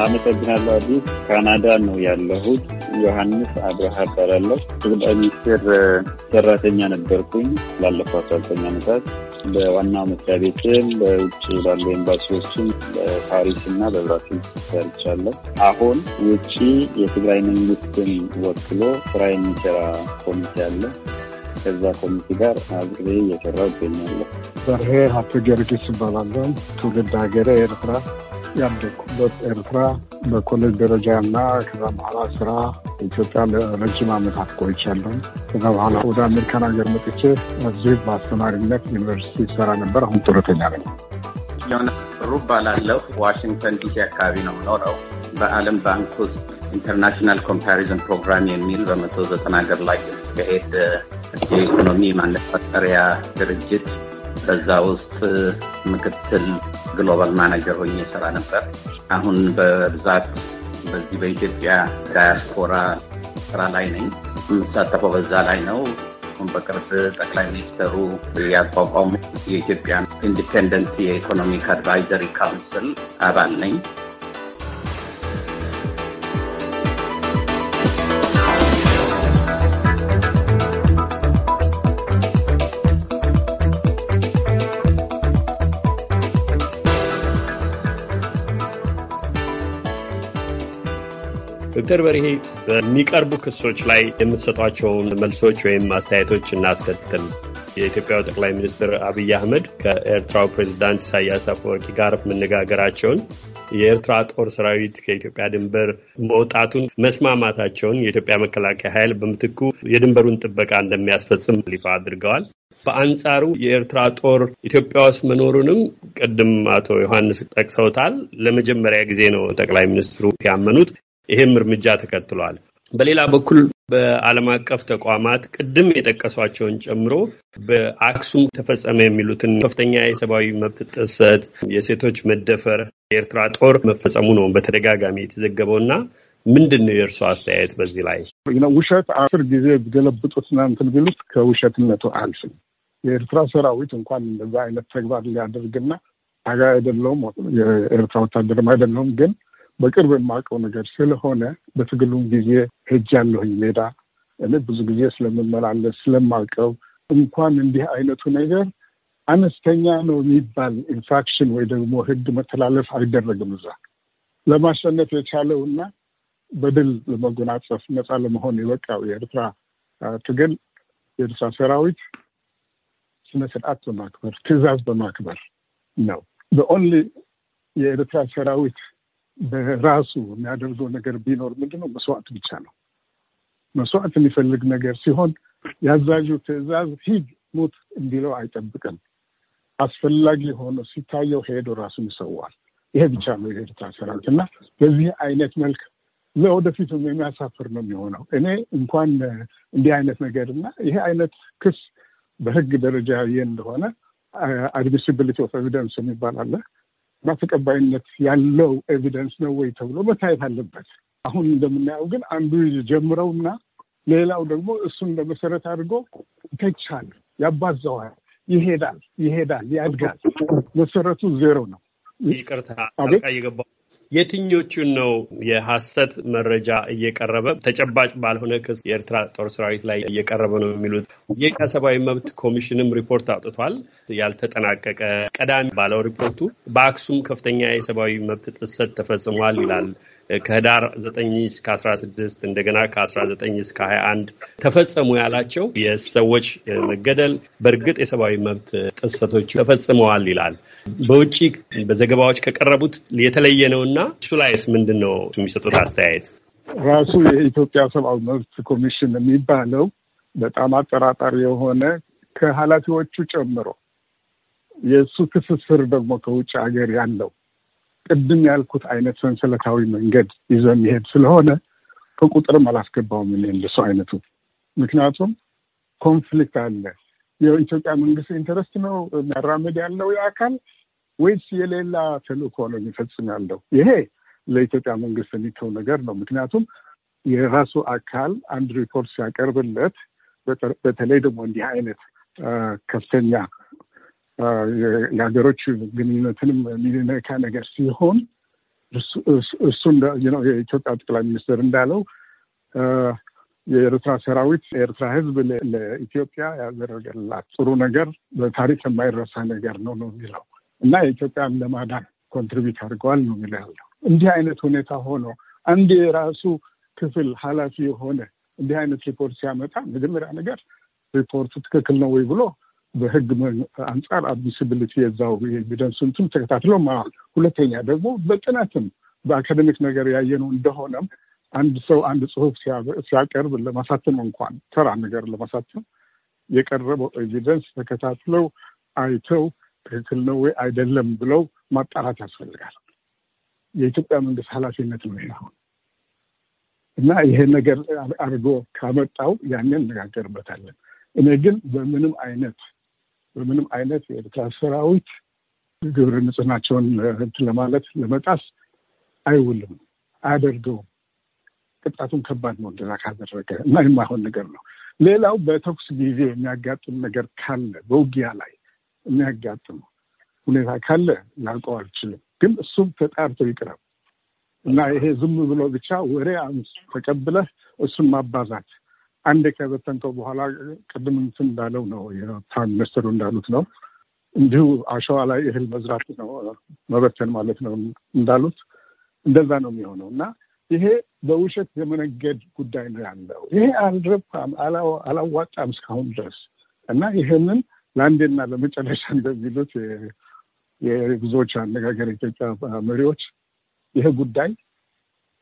አመሰግናለሁ። አዲስ ካናዳ ነው ያለሁት። ዮሐንስ አብርሃ እባላለሁ። ጠቅላይ ሚኒስቴር ሰራተኛ ነበርኩኝ ላለፈው አስራ ዘጠኝ ዓመታት በዋናው መስሪያ ቤትም በውጭ ባሉ ኤምባሲዎችም በፓሪስ እና በብራሲል ሰርቻለሁ። አሁን ውጭ የትግራይ መንግስትን ወክሎ ስራ የሚሰራ ኮሚቴ አለ። ከዛ ኮሚቴ ጋር አብሬ እየሰራ ይገኛለሁ። በርሄ አቶ ጊዮርጊስ እባላለሁ። ትውልድ ሀገሬ ኤርትራ ያደግኩበት ኤርትራ በኮሌጅ ደረጃ እና ከዛ በኋላ ስራ ኢትዮጵያ ለረጅም ዓመታት ቆይቻለሁ። ከዛ በኋላ ወደ አሜሪካን ሀገር መጥቼ እዚህ በአስተማሪነት ዩኒቨርሲቲ ይሰራ ነበር። አሁን ጡረተኛ ነኝ። ዮናስ ጥሩ ዋሽንግተን ዲሲ አካባቢ ነው የምኖረው። በዓለም ባንክ ውስጥ ኢንተርናሽናል ኮምፓሪዝን ፕሮግራም የሚል በመቶ ዘጠና ሀገር ላይ የሚካሄድ የኢኮኖሚ ማነጻጸሪያ ድርጅት በዛ ውስጥ ምክትል ግሎባል ማናጀር ሆኜ የሰራ ነበር። አሁን በብዛት በዚህ በኢትዮጵያ ዳያስፖራ ስራ ላይ ነኝ። የምሳተፈው በዛ ላይ ነው። በቅርብ ጠቅላይ ሚኒስትሩ ያቋቋሙ የኢትዮጵያ ኢንዲፔንደንት የኢኮኖሚክ አድቫይዘሪ ካውንስል አባል ነኝ። ዶክተር በርሄ በሚቀርቡ ክሶች ላይ የምትሰጧቸውን መልሶች ወይም አስተያየቶች እናስከትል። የኢትዮጵያው ጠቅላይ ሚኒስትር አብይ አህመድ ከኤርትራው ፕሬዚዳንት ኢሳያስ አፈወርቂ ጋር መነጋገራቸውን የኤርትራ ጦር ሰራዊት ከኢትዮጵያ ድንበር መውጣቱን መስማማታቸውን የኢትዮጵያ መከላከያ ኃይል በምትኩ የድንበሩን ጥበቃ እንደሚያስፈጽም ይፋ አድርገዋል። በአንጻሩ የኤርትራ ጦር ኢትዮጵያ ውስጥ መኖሩንም ቅድም አቶ ዮሐንስ ጠቅሰውታል። ለመጀመሪያ ጊዜ ነው ጠቅላይ ሚኒስትሩ ያመኑት። ይህም እርምጃ ተከትሏል። በሌላ በኩል በዓለም አቀፍ ተቋማት ቅድም የጠቀሷቸውን ጨምሮ በአክሱም ተፈጸመ የሚሉትን ከፍተኛ የሰብአዊ መብት ጥሰት፣ የሴቶች መደፈር የኤርትራ ጦር መፈጸሙ ነው በተደጋጋሚ የተዘገበው እና ምንድን ነው የእርሱ አስተያየት በዚህ ላይ? ውሸት አስር ጊዜ ገለብጡት እንትን ቢሉት ከውሸትነቱ አያልፍም። የኤርትራ ሰራዊት እንኳን እንደዛ አይነት ተግባር ሊያደርግና ሀጋ አይደለውም የኤርትራ ወታደርም አይደለውም ግን በቅርብ የማውቀው ነገር ስለሆነ በትግሉም ጊዜ ሄጃለሁኝ ሜዳ እኔ ብዙ ጊዜ ስለምመላለስ ስለማውቀው እንኳን እንዲህ አይነቱ ነገር አነስተኛ ነው የሚባል ኢንፍራክሽን ወይ ደግሞ ህግ መተላለፍ አይደረግም። እዛ ለማሸነፍ የቻለው እና በድል ለመጎናጸፍ ነፃ ለመሆን የበቃው የኤርትራ ትግል የኤርትራ ሰራዊት ስነስርዓት በማክበር ትዕዛዝ በማክበር ነው። በኦንሊ የኤርትራ ሰራዊት በራሱ የሚያደርገው ነገር ቢኖር ነው? መስዋዕት ብቻ ነው። መስዋዕት የሚፈልግ ነገር ሲሆን የአዛዡ ትዕዛዝ ሂድ ሙት እንዲለው አይጠብቅም። አስፈላጊ ሆኖ ሲታየው ሄዶ ራሱን ይሰዋል። ይሄ ብቻ ነው የሄዱት ሰራዊት እና በዚህ አይነት መልክ ለወደፊቱም የሚያሳፍር ነው የሚሆነው። እኔ እንኳን እንዲህ አይነት ነገር እና ይሄ አይነት ክስ በህግ ደረጃ ይ እንደሆነ አድሚሲቢሊቲ ኦፍ ኤቪደንስ የሚባል አለ። በተቀባይነት ተቀባይነት ያለው ኤቪደንስ ነው ወይ ተብሎ መታየት አለበት። አሁን እንደምናየው ግን አንዱ ጀምረውና ሌላው ደግሞ እሱን መሰረት አድርጎ ይተቻል፣ ያባዛዋል፣ ይሄዳል ይሄዳል፣ ያድጋል። መሰረቱ ዜሮ ነው። ይቅርታ ቃ እየገባሁ የትኞቹን ነው የሐሰት መረጃ እየቀረበ ተጨባጭ ባልሆነ ክስ የኤርትራ ጦር ሰራዊት ላይ እየቀረበ ነው የሚሉት? የኢትዮጵያ ሰብአዊ መብት ኮሚሽንም ሪፖርት አውጥቷል። ያልተጠናቀቀ ቀዳሚ ባለው ሪፖርቱ በአክሱም ከፍተኛ የሰብአዊ መብት ጥሰት ተፈጽሟል ይላል። ከህዳር 9 እስከ 16 እንደገና ከ19 እስከ 21 ተፈጸሙ ያላቸው የሰዎች መገደል በእርግጥ የሰብአዊ መብት ጥሰቶች ተፈጽመዋል ይላል። በውጭ በዘገባዎች ከቀረቡት የተለየ ነው እና እሱ ላይስ ምንድን ነው የሚሰጡት አስተያየት? ራሱ የኢትዮጵያ ሰብአዊ መብት ኮሚሽን የሚባለው በጣም አጠራጣሪ የሆነ ከኃላፊዎቹ ጨምሮ የእሱ ትስስር ደግሞ ከውጭ ሀገር ያለው ቅድም ያልኩት አይነት ሰንሰለታዊ መንገድ ይዞ የሚሄድ ስለሆነ በቁጥርም አላስገባውም እኔ እንደሱ አይነቱ። ምክንያቱም ኮንፍሊክት አለ። የኢትዮጵያ መንግስት ኢንተረስት ነው የሚያራምድ ያለው የአካል ወይስ የሌላ ተልእኮ ነው የሚፈጽም ያለው? ይሄ ለኢትዮጵያ መንግስት የሚተው ነገር ነው። ምክንያቱም የራሱ አካል አንድ ሪፖርት ሲያቀርብለት በተለይ ደግሞ እንዲህ አይነት ከፍተኛ የሀገሮች ግንኙነትንም የሚነካ ነገር ሲሆን እሱ የኢትዮጵያ ጠቅላይ ሚኒስትር እንዳለው የኤርትራ ሰራዊት የኤርትራ ህዝብ ለኢትዮጵያ ያደረገላት ጥሩ ነገር በታሪክ የማይረሳ ነገር ነው ነው የሚለው እና የኢትዮጵያን ለማዳን ኮንትሪቢዩት አድርገዋል ነው የሚለው ያለው። እንዲህ አይነት ሁኔታ ሆኖ አንድ የራሱ ክፍል ሀላፊ የሆነ እንዲህ አይነት ሪፖርት ሲያመጣ መጀመሪያ ነገር ሪፖርቱ ትክክል ነው ወይ ብሎ በህግ አንጻር አድሚስብሊቲ የዛው ኤቪደንስ እንትን ተከታትሎ ማዋል፣ ሁለተኛ ደግሞ በጥናትም በአካደሚክ ነገር ያየነው እንደሆነም አንድ ሰው አንድ ጽሁፍ ሲያቀርብ ለማሳተም እንኳን ተራ ነገር ለማሳተም የቀረበው ኤቪደንስ ተከታትለው አይተው ትክክል ነው ወይ አይደለም ብለው ማጣራት ያስፈልጋል። የኢትዮጵያ መንግስት ኃላፊነት ነው ይሁን እና ይሄ ነገር አድርጎ ካመጣው ያንን እነጋገርበታለን። እኔ ግን በምንም አይነት በምንም አይነት የኤርትራ ሰራዊት ግብር ንጽህናቸውን ህብት ለማለት ለመጣስ አይውልም፣ አያደርገውም። ቅጣቱን ከባድ ነው እንደዛ ካደረገ እና የማይሆን ነገር ነው። ሌላው በተኩስ ጊዜ የሚያጋጥም ነገር ካለ በውጊያ ላይ የሚያጋጥም ሁኔታ ካለ ላውቀው አልችልም፣ ግን እሱም ተጣርቶ ይቅረብ እና ይሄ ዝም ብሎ ብቻ ወሬ ተቀብለህ እሱን ማባዛት አንድ ከበተንከው በኋላ ቅድም እንትን እንዳለው ነው የፕራይም ሚኒስትሩ እንዳሉት ነው። እንዲሁ አሸዋ ላይ እህል መዝራት ነው መበተን ማለት ነው እንዳሉት እንደዛ ነው የሚሆነው እና ይሄ በውሸት የመነገድ ጉዳይ ነው ያለው። ይሄ አልረባም፣ አላዋጣም እስካሁን ድረስ እና ይህንን ለአንዴና ለመጨረሻ እንደሚሉት የብዙዎች አነጋገር ኢትዮጵያ መሪዎች ይሄ ጉዳይ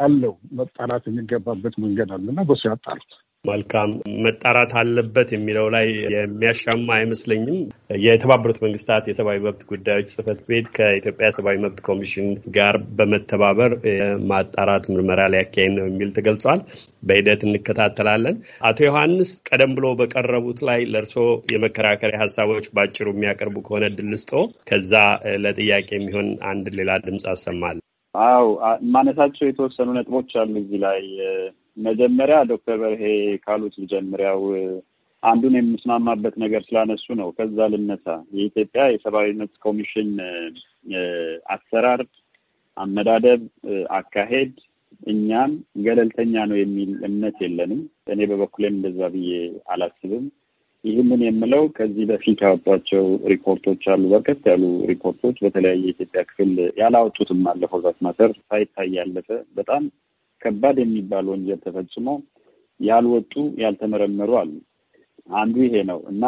አለው መጣራት የሚገባበት መንገድ አለና በሱ ያጣሉት መልካም መጣራት አለበት የሚለው ላይ የሚያሻማ አይመስለኝም። የተባበሩት መንግስታት የሰብአዊ መብት ጉዳዮች ጽህፈት ቤት ከኢትዮጵያ ሰብአዊ መብት ኮሚሽን ጋር በመተባበር የማጣራት ምርመራ ሊያካሄድ ነው የሚል ተገልጿል። በሂደት እንከታተላለን። አቶ ዮሐንስ ቀደም ብሎ በቀረቡት ላይ ለእርስዎ የመከራከሪያ ሀሳቦች በአጭሩ የሚያቀርቡ ከሆነ እድል ስጦ፣ ከዛ ለጥያቄ የሚሆን አንድ ሌላ ድምፅ አሰማለን። አው ማነሳቸው የተወሰኑ ነጥቦች አሉ እዚህ ላይ መጀመሪያ ዶክተር በርሄ ካሉት ልጀምር። አንዱን የምስማማበት ነገር ስላነሱ ነው። ከዛ ልነሳ። የኢትዮጵያ የሰብአዊነት ኮሚሽን አሰራር፣ አመዳደብ፣ አካሄድ እኛም ገለልተኛ ነው የሚል እምነት የለንም። እኔ በበኩሌም እንደዛ ብዬ አላስብም። ይህንን የምለው ከዚህ በፊት ያወጧቸው ሪፖርቶች አሉ። በርከት ያሉ ሪፖርቶች በተለያየ የኢትዮጵያ ክፍል ያላወጡትም አለፈው ዛት ማተር ሳይታይ ያለፈ በጣም ከባድ የሚባል ወንጀል ተፈጽሞ ያልወጡ ያልተመረመሩ አሉ። አንዱ ይሄ ነው እና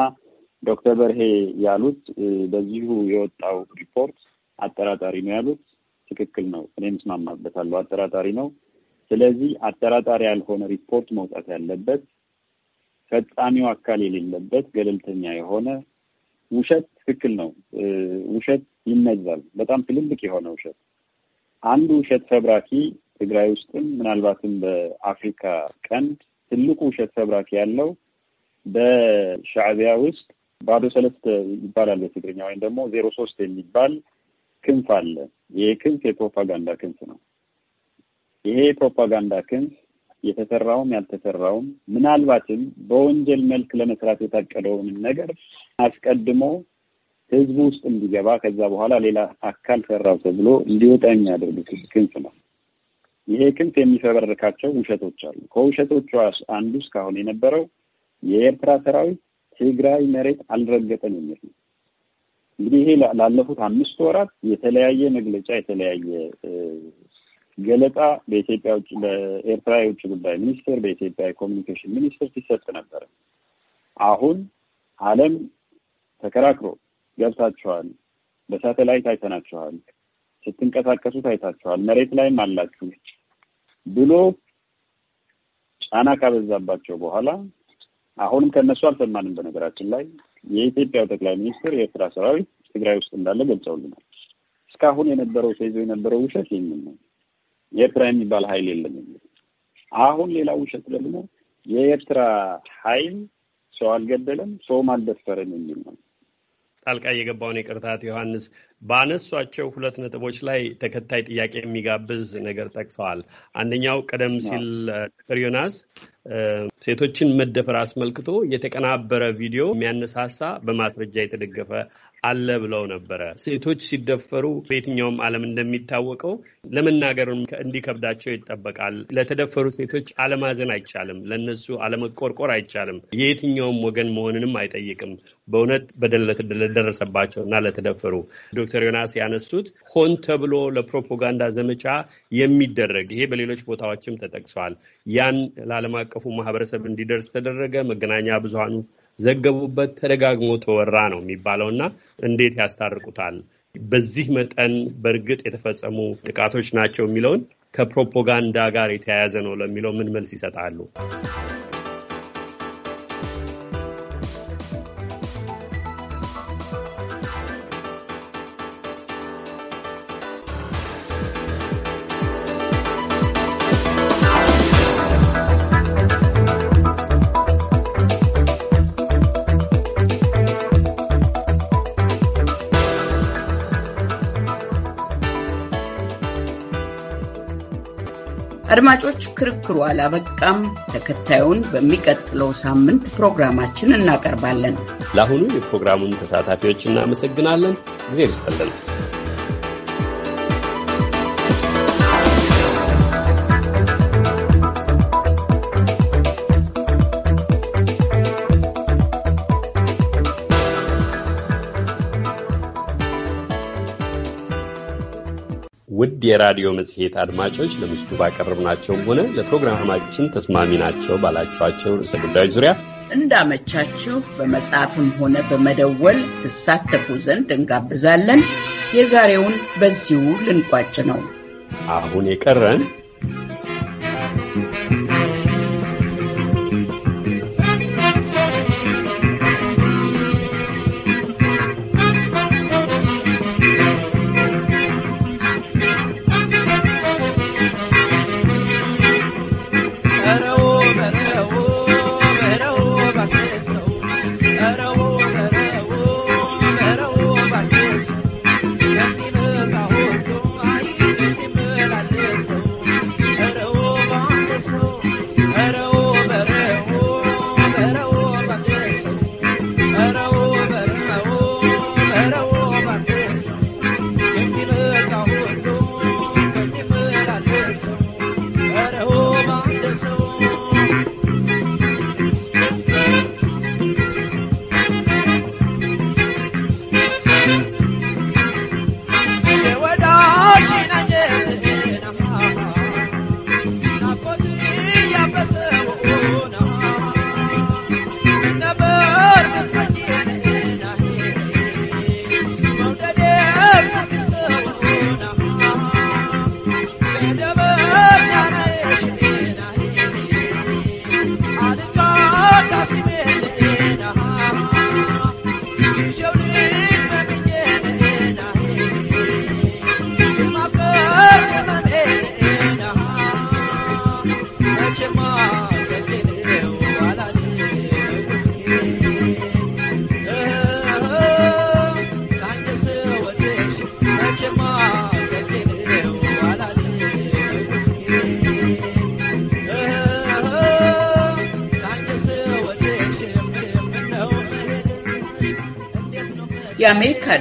ዶክተር በርሄ ያሉት በዚሁ የወጣው ሪፖርት አጠራጣሪ ነው ያሉት ትክክል ነው። እኔም እስማማበታለሁ። አጠራጣሪ ነው። ስለዚህ አጠራጣሪ ያልሆነ ሪፖርት መውጣት ያለበት ፈጻሚው አካል የሌለበት ገለልተኛ የሆነ ውሸት ትክክል ነው። ውሸት ይነዛል። በጣም ትልልቅ የሆነ ውሸት አንዱ ውሸት ፈብራኪ ትግራይ ውስጥም ምናልባትም በአፍሪካ ቀንድ ትልቁ ውሸት ተብራክ ያለው በሻዕቢያ ውስጥ ባዶ ሰለስተ ይባላል በትግርኛ ወይም ደግሞ ዜሮ ሶስት የሚባል ክንፍ አለ። ይሄ ክንፍ የፕሮፓጋንዳ ክንፍ ነው። ይሄ የፕሮፓጋንዳ ክንፍ የተሰራውም ያልተሰራውም ምናልባትም በወንጀል መልክ ለመስራት የታቀደውን ነገር አስቀድሞ ህዝቡ ውስጥ እንዲገባ ከዛ በኋላ ሌላ አካል ሰራው ተብሎ እንዲወጣ የሚያደርጉት ክንፍ ነው። ይሄ ክንፍ የሚፈበርካቸው ውሸቶች አሉ። ከውሸቶቹ አንዱ እስካሁን የነበረው የኤርትራ ሰራዊት ትግራይ መሬት አልረገጠም የሚል ነው። እንግዲህ ይሄ ላለፉት አምስት ወራት የተለያየ መግለጫ የተለያየ ገለጣ በኢትዮጵያ ውጭ በኤርትራ የውጭ ጉዳይ ሚኒስቴር በኢትዮጵያ የኮሚኒኬሽን ሚኒስቴር ሲሰጥ ነበረ። አሁን ዓለም ተከራክሮ ገብታችኋል፣ በሳተላይት አይተናችኋል፣ ስትንቀሳቀሱ ታይታችኋል፣ መሬት ላይም አላችሁ፣ ብሎ ጫና ካበዛባቸው በኋላ አሁንም ከእነሱ አልሰማንም። በነገራችን ላይ የኢትዮጵያው ጠቅላይ ሚኒስትር የኤርትራ ሰራዊት ትግራይ ውስጥ እንዳለ ገልጸውልናል። እስካሁን የነበረው ተይዞ የነበረው ውሸት ይህንን ነው፣ የኤርትራ የሚባል ሀይል የለም የሚል አሁን ሌላ ውሸት ደግሞ የኤርትራ ሀይል ሰው አልገደለም፣ ሰውም አልደፈረም የሚል ነው። ጣልቃ የገባውን የቅርታት ዮሐንስ ባነሷቸው ሁለት ነጥቦች ላይ ተከታይ ጥያቄ የሚጋብዝ ነገር ጠቅሰዋል። አንደኛው ቀደም ሲል ዶክተር ዮናስ ሴቶችን መደፈር አስመልክቶ የተቀናበረ ቪዲዮ የሚያነሳሳ በማስረጃ የተደገፈ አለ ብለው ነበረ። ሴቶች ሲደፈሩ በየትኛውም ዓለም እንደሚታወቀው ለመናገር እንዲከብዳቸው ይጠበቃል። ለተደፈሩ ሴቶች አለማዘን አይቻልም። ለነሱ አለመቆርቆር አይቻልም። የየትኛውም ወገን መሆንንም አይጠይቅም። በእውነት በደል ለደረሰባቸው እና ለተደፈሩ ዶክተር ዮናስ ያነሱት ሆን ተብሎ ለፕሮፓጋንዳ ዘመቻ የሚደረግ ይሄ በሌሎች ቦታዎችም ተጠቅሷል። ያን ለዓለም አቀፍ አቀፉ ማህበረሰብ እንዲደርስ ተደረገ። መገናኛ ብዙሃኑ ዘገቡበት፣ ተደጋግሞ ተወራ ነው የሚባለው እና እንዴት ያስታርቁታል? በዚህ መጠን በእርግጥ የተፈጸሙ ጥቃቶች ናቸው የሚለውን ከፕሮፓጋንዳ ጋር የተያያዘ ነው ለሚለው ምን መልስ ይሰጣሉ? አድማጮች፣ ክርክሩ አላበቃም። ተከታዩን በሚቀጥለው ሳምንት ፕሮግራማችን እናቀርባለን። ለአሁኑ የፕሮግራሙን ተሳታፊዎች እናመሰግናለን። ጊዜ ይስጥልን። የራዲዮ መጽሔት አድማጮች ለምሽቱ ባቀረብናቸውም ሆነ ለፕሮግራማችን ተስማሚ ናቸው ባላችኋቸው ርዕሰ ጉዳዮች ዙሪያ እንዳመቻችሁ በመጻፍም ሆነ በመደወል ትሳተፉ ዘንድ እንጋብዛለን። የዛሬውን በዚሁ ልንቋጭ ነው። አሁን የቀረን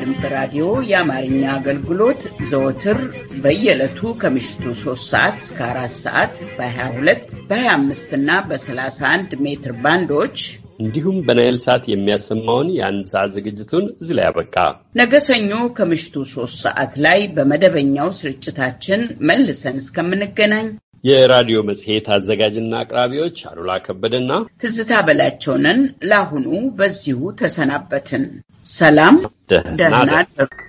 ድምፅ ራዲዮ የአማርኛ አገልግሎት ዘወትር በየዕለቱ ከምሽቱ 3 ሰዓት እስከ 4 ሰዓት በ22 በ25 እና በ31 ሜትር ባንዶች እንዲሁም በናይል ሰዓት የሚያሰማውን የአንድ ሰዓት ዝግጅቱን እዚህ ላይ ያበቃ። ነገ ሰኞ ከምሽቱ 3 ሰዓት ላይ በመደበኛው ስርጭታችን መልሰን እስከምንገናኝ የራዲዮ መጽሔት አዘጋጅና አቅራቢዎች አሉላ ከበደና ትዝታ በላቸውንን ለአሁኑ በዚሁ ተሰናበትን። ሰላም፣ ደህና እደሩ።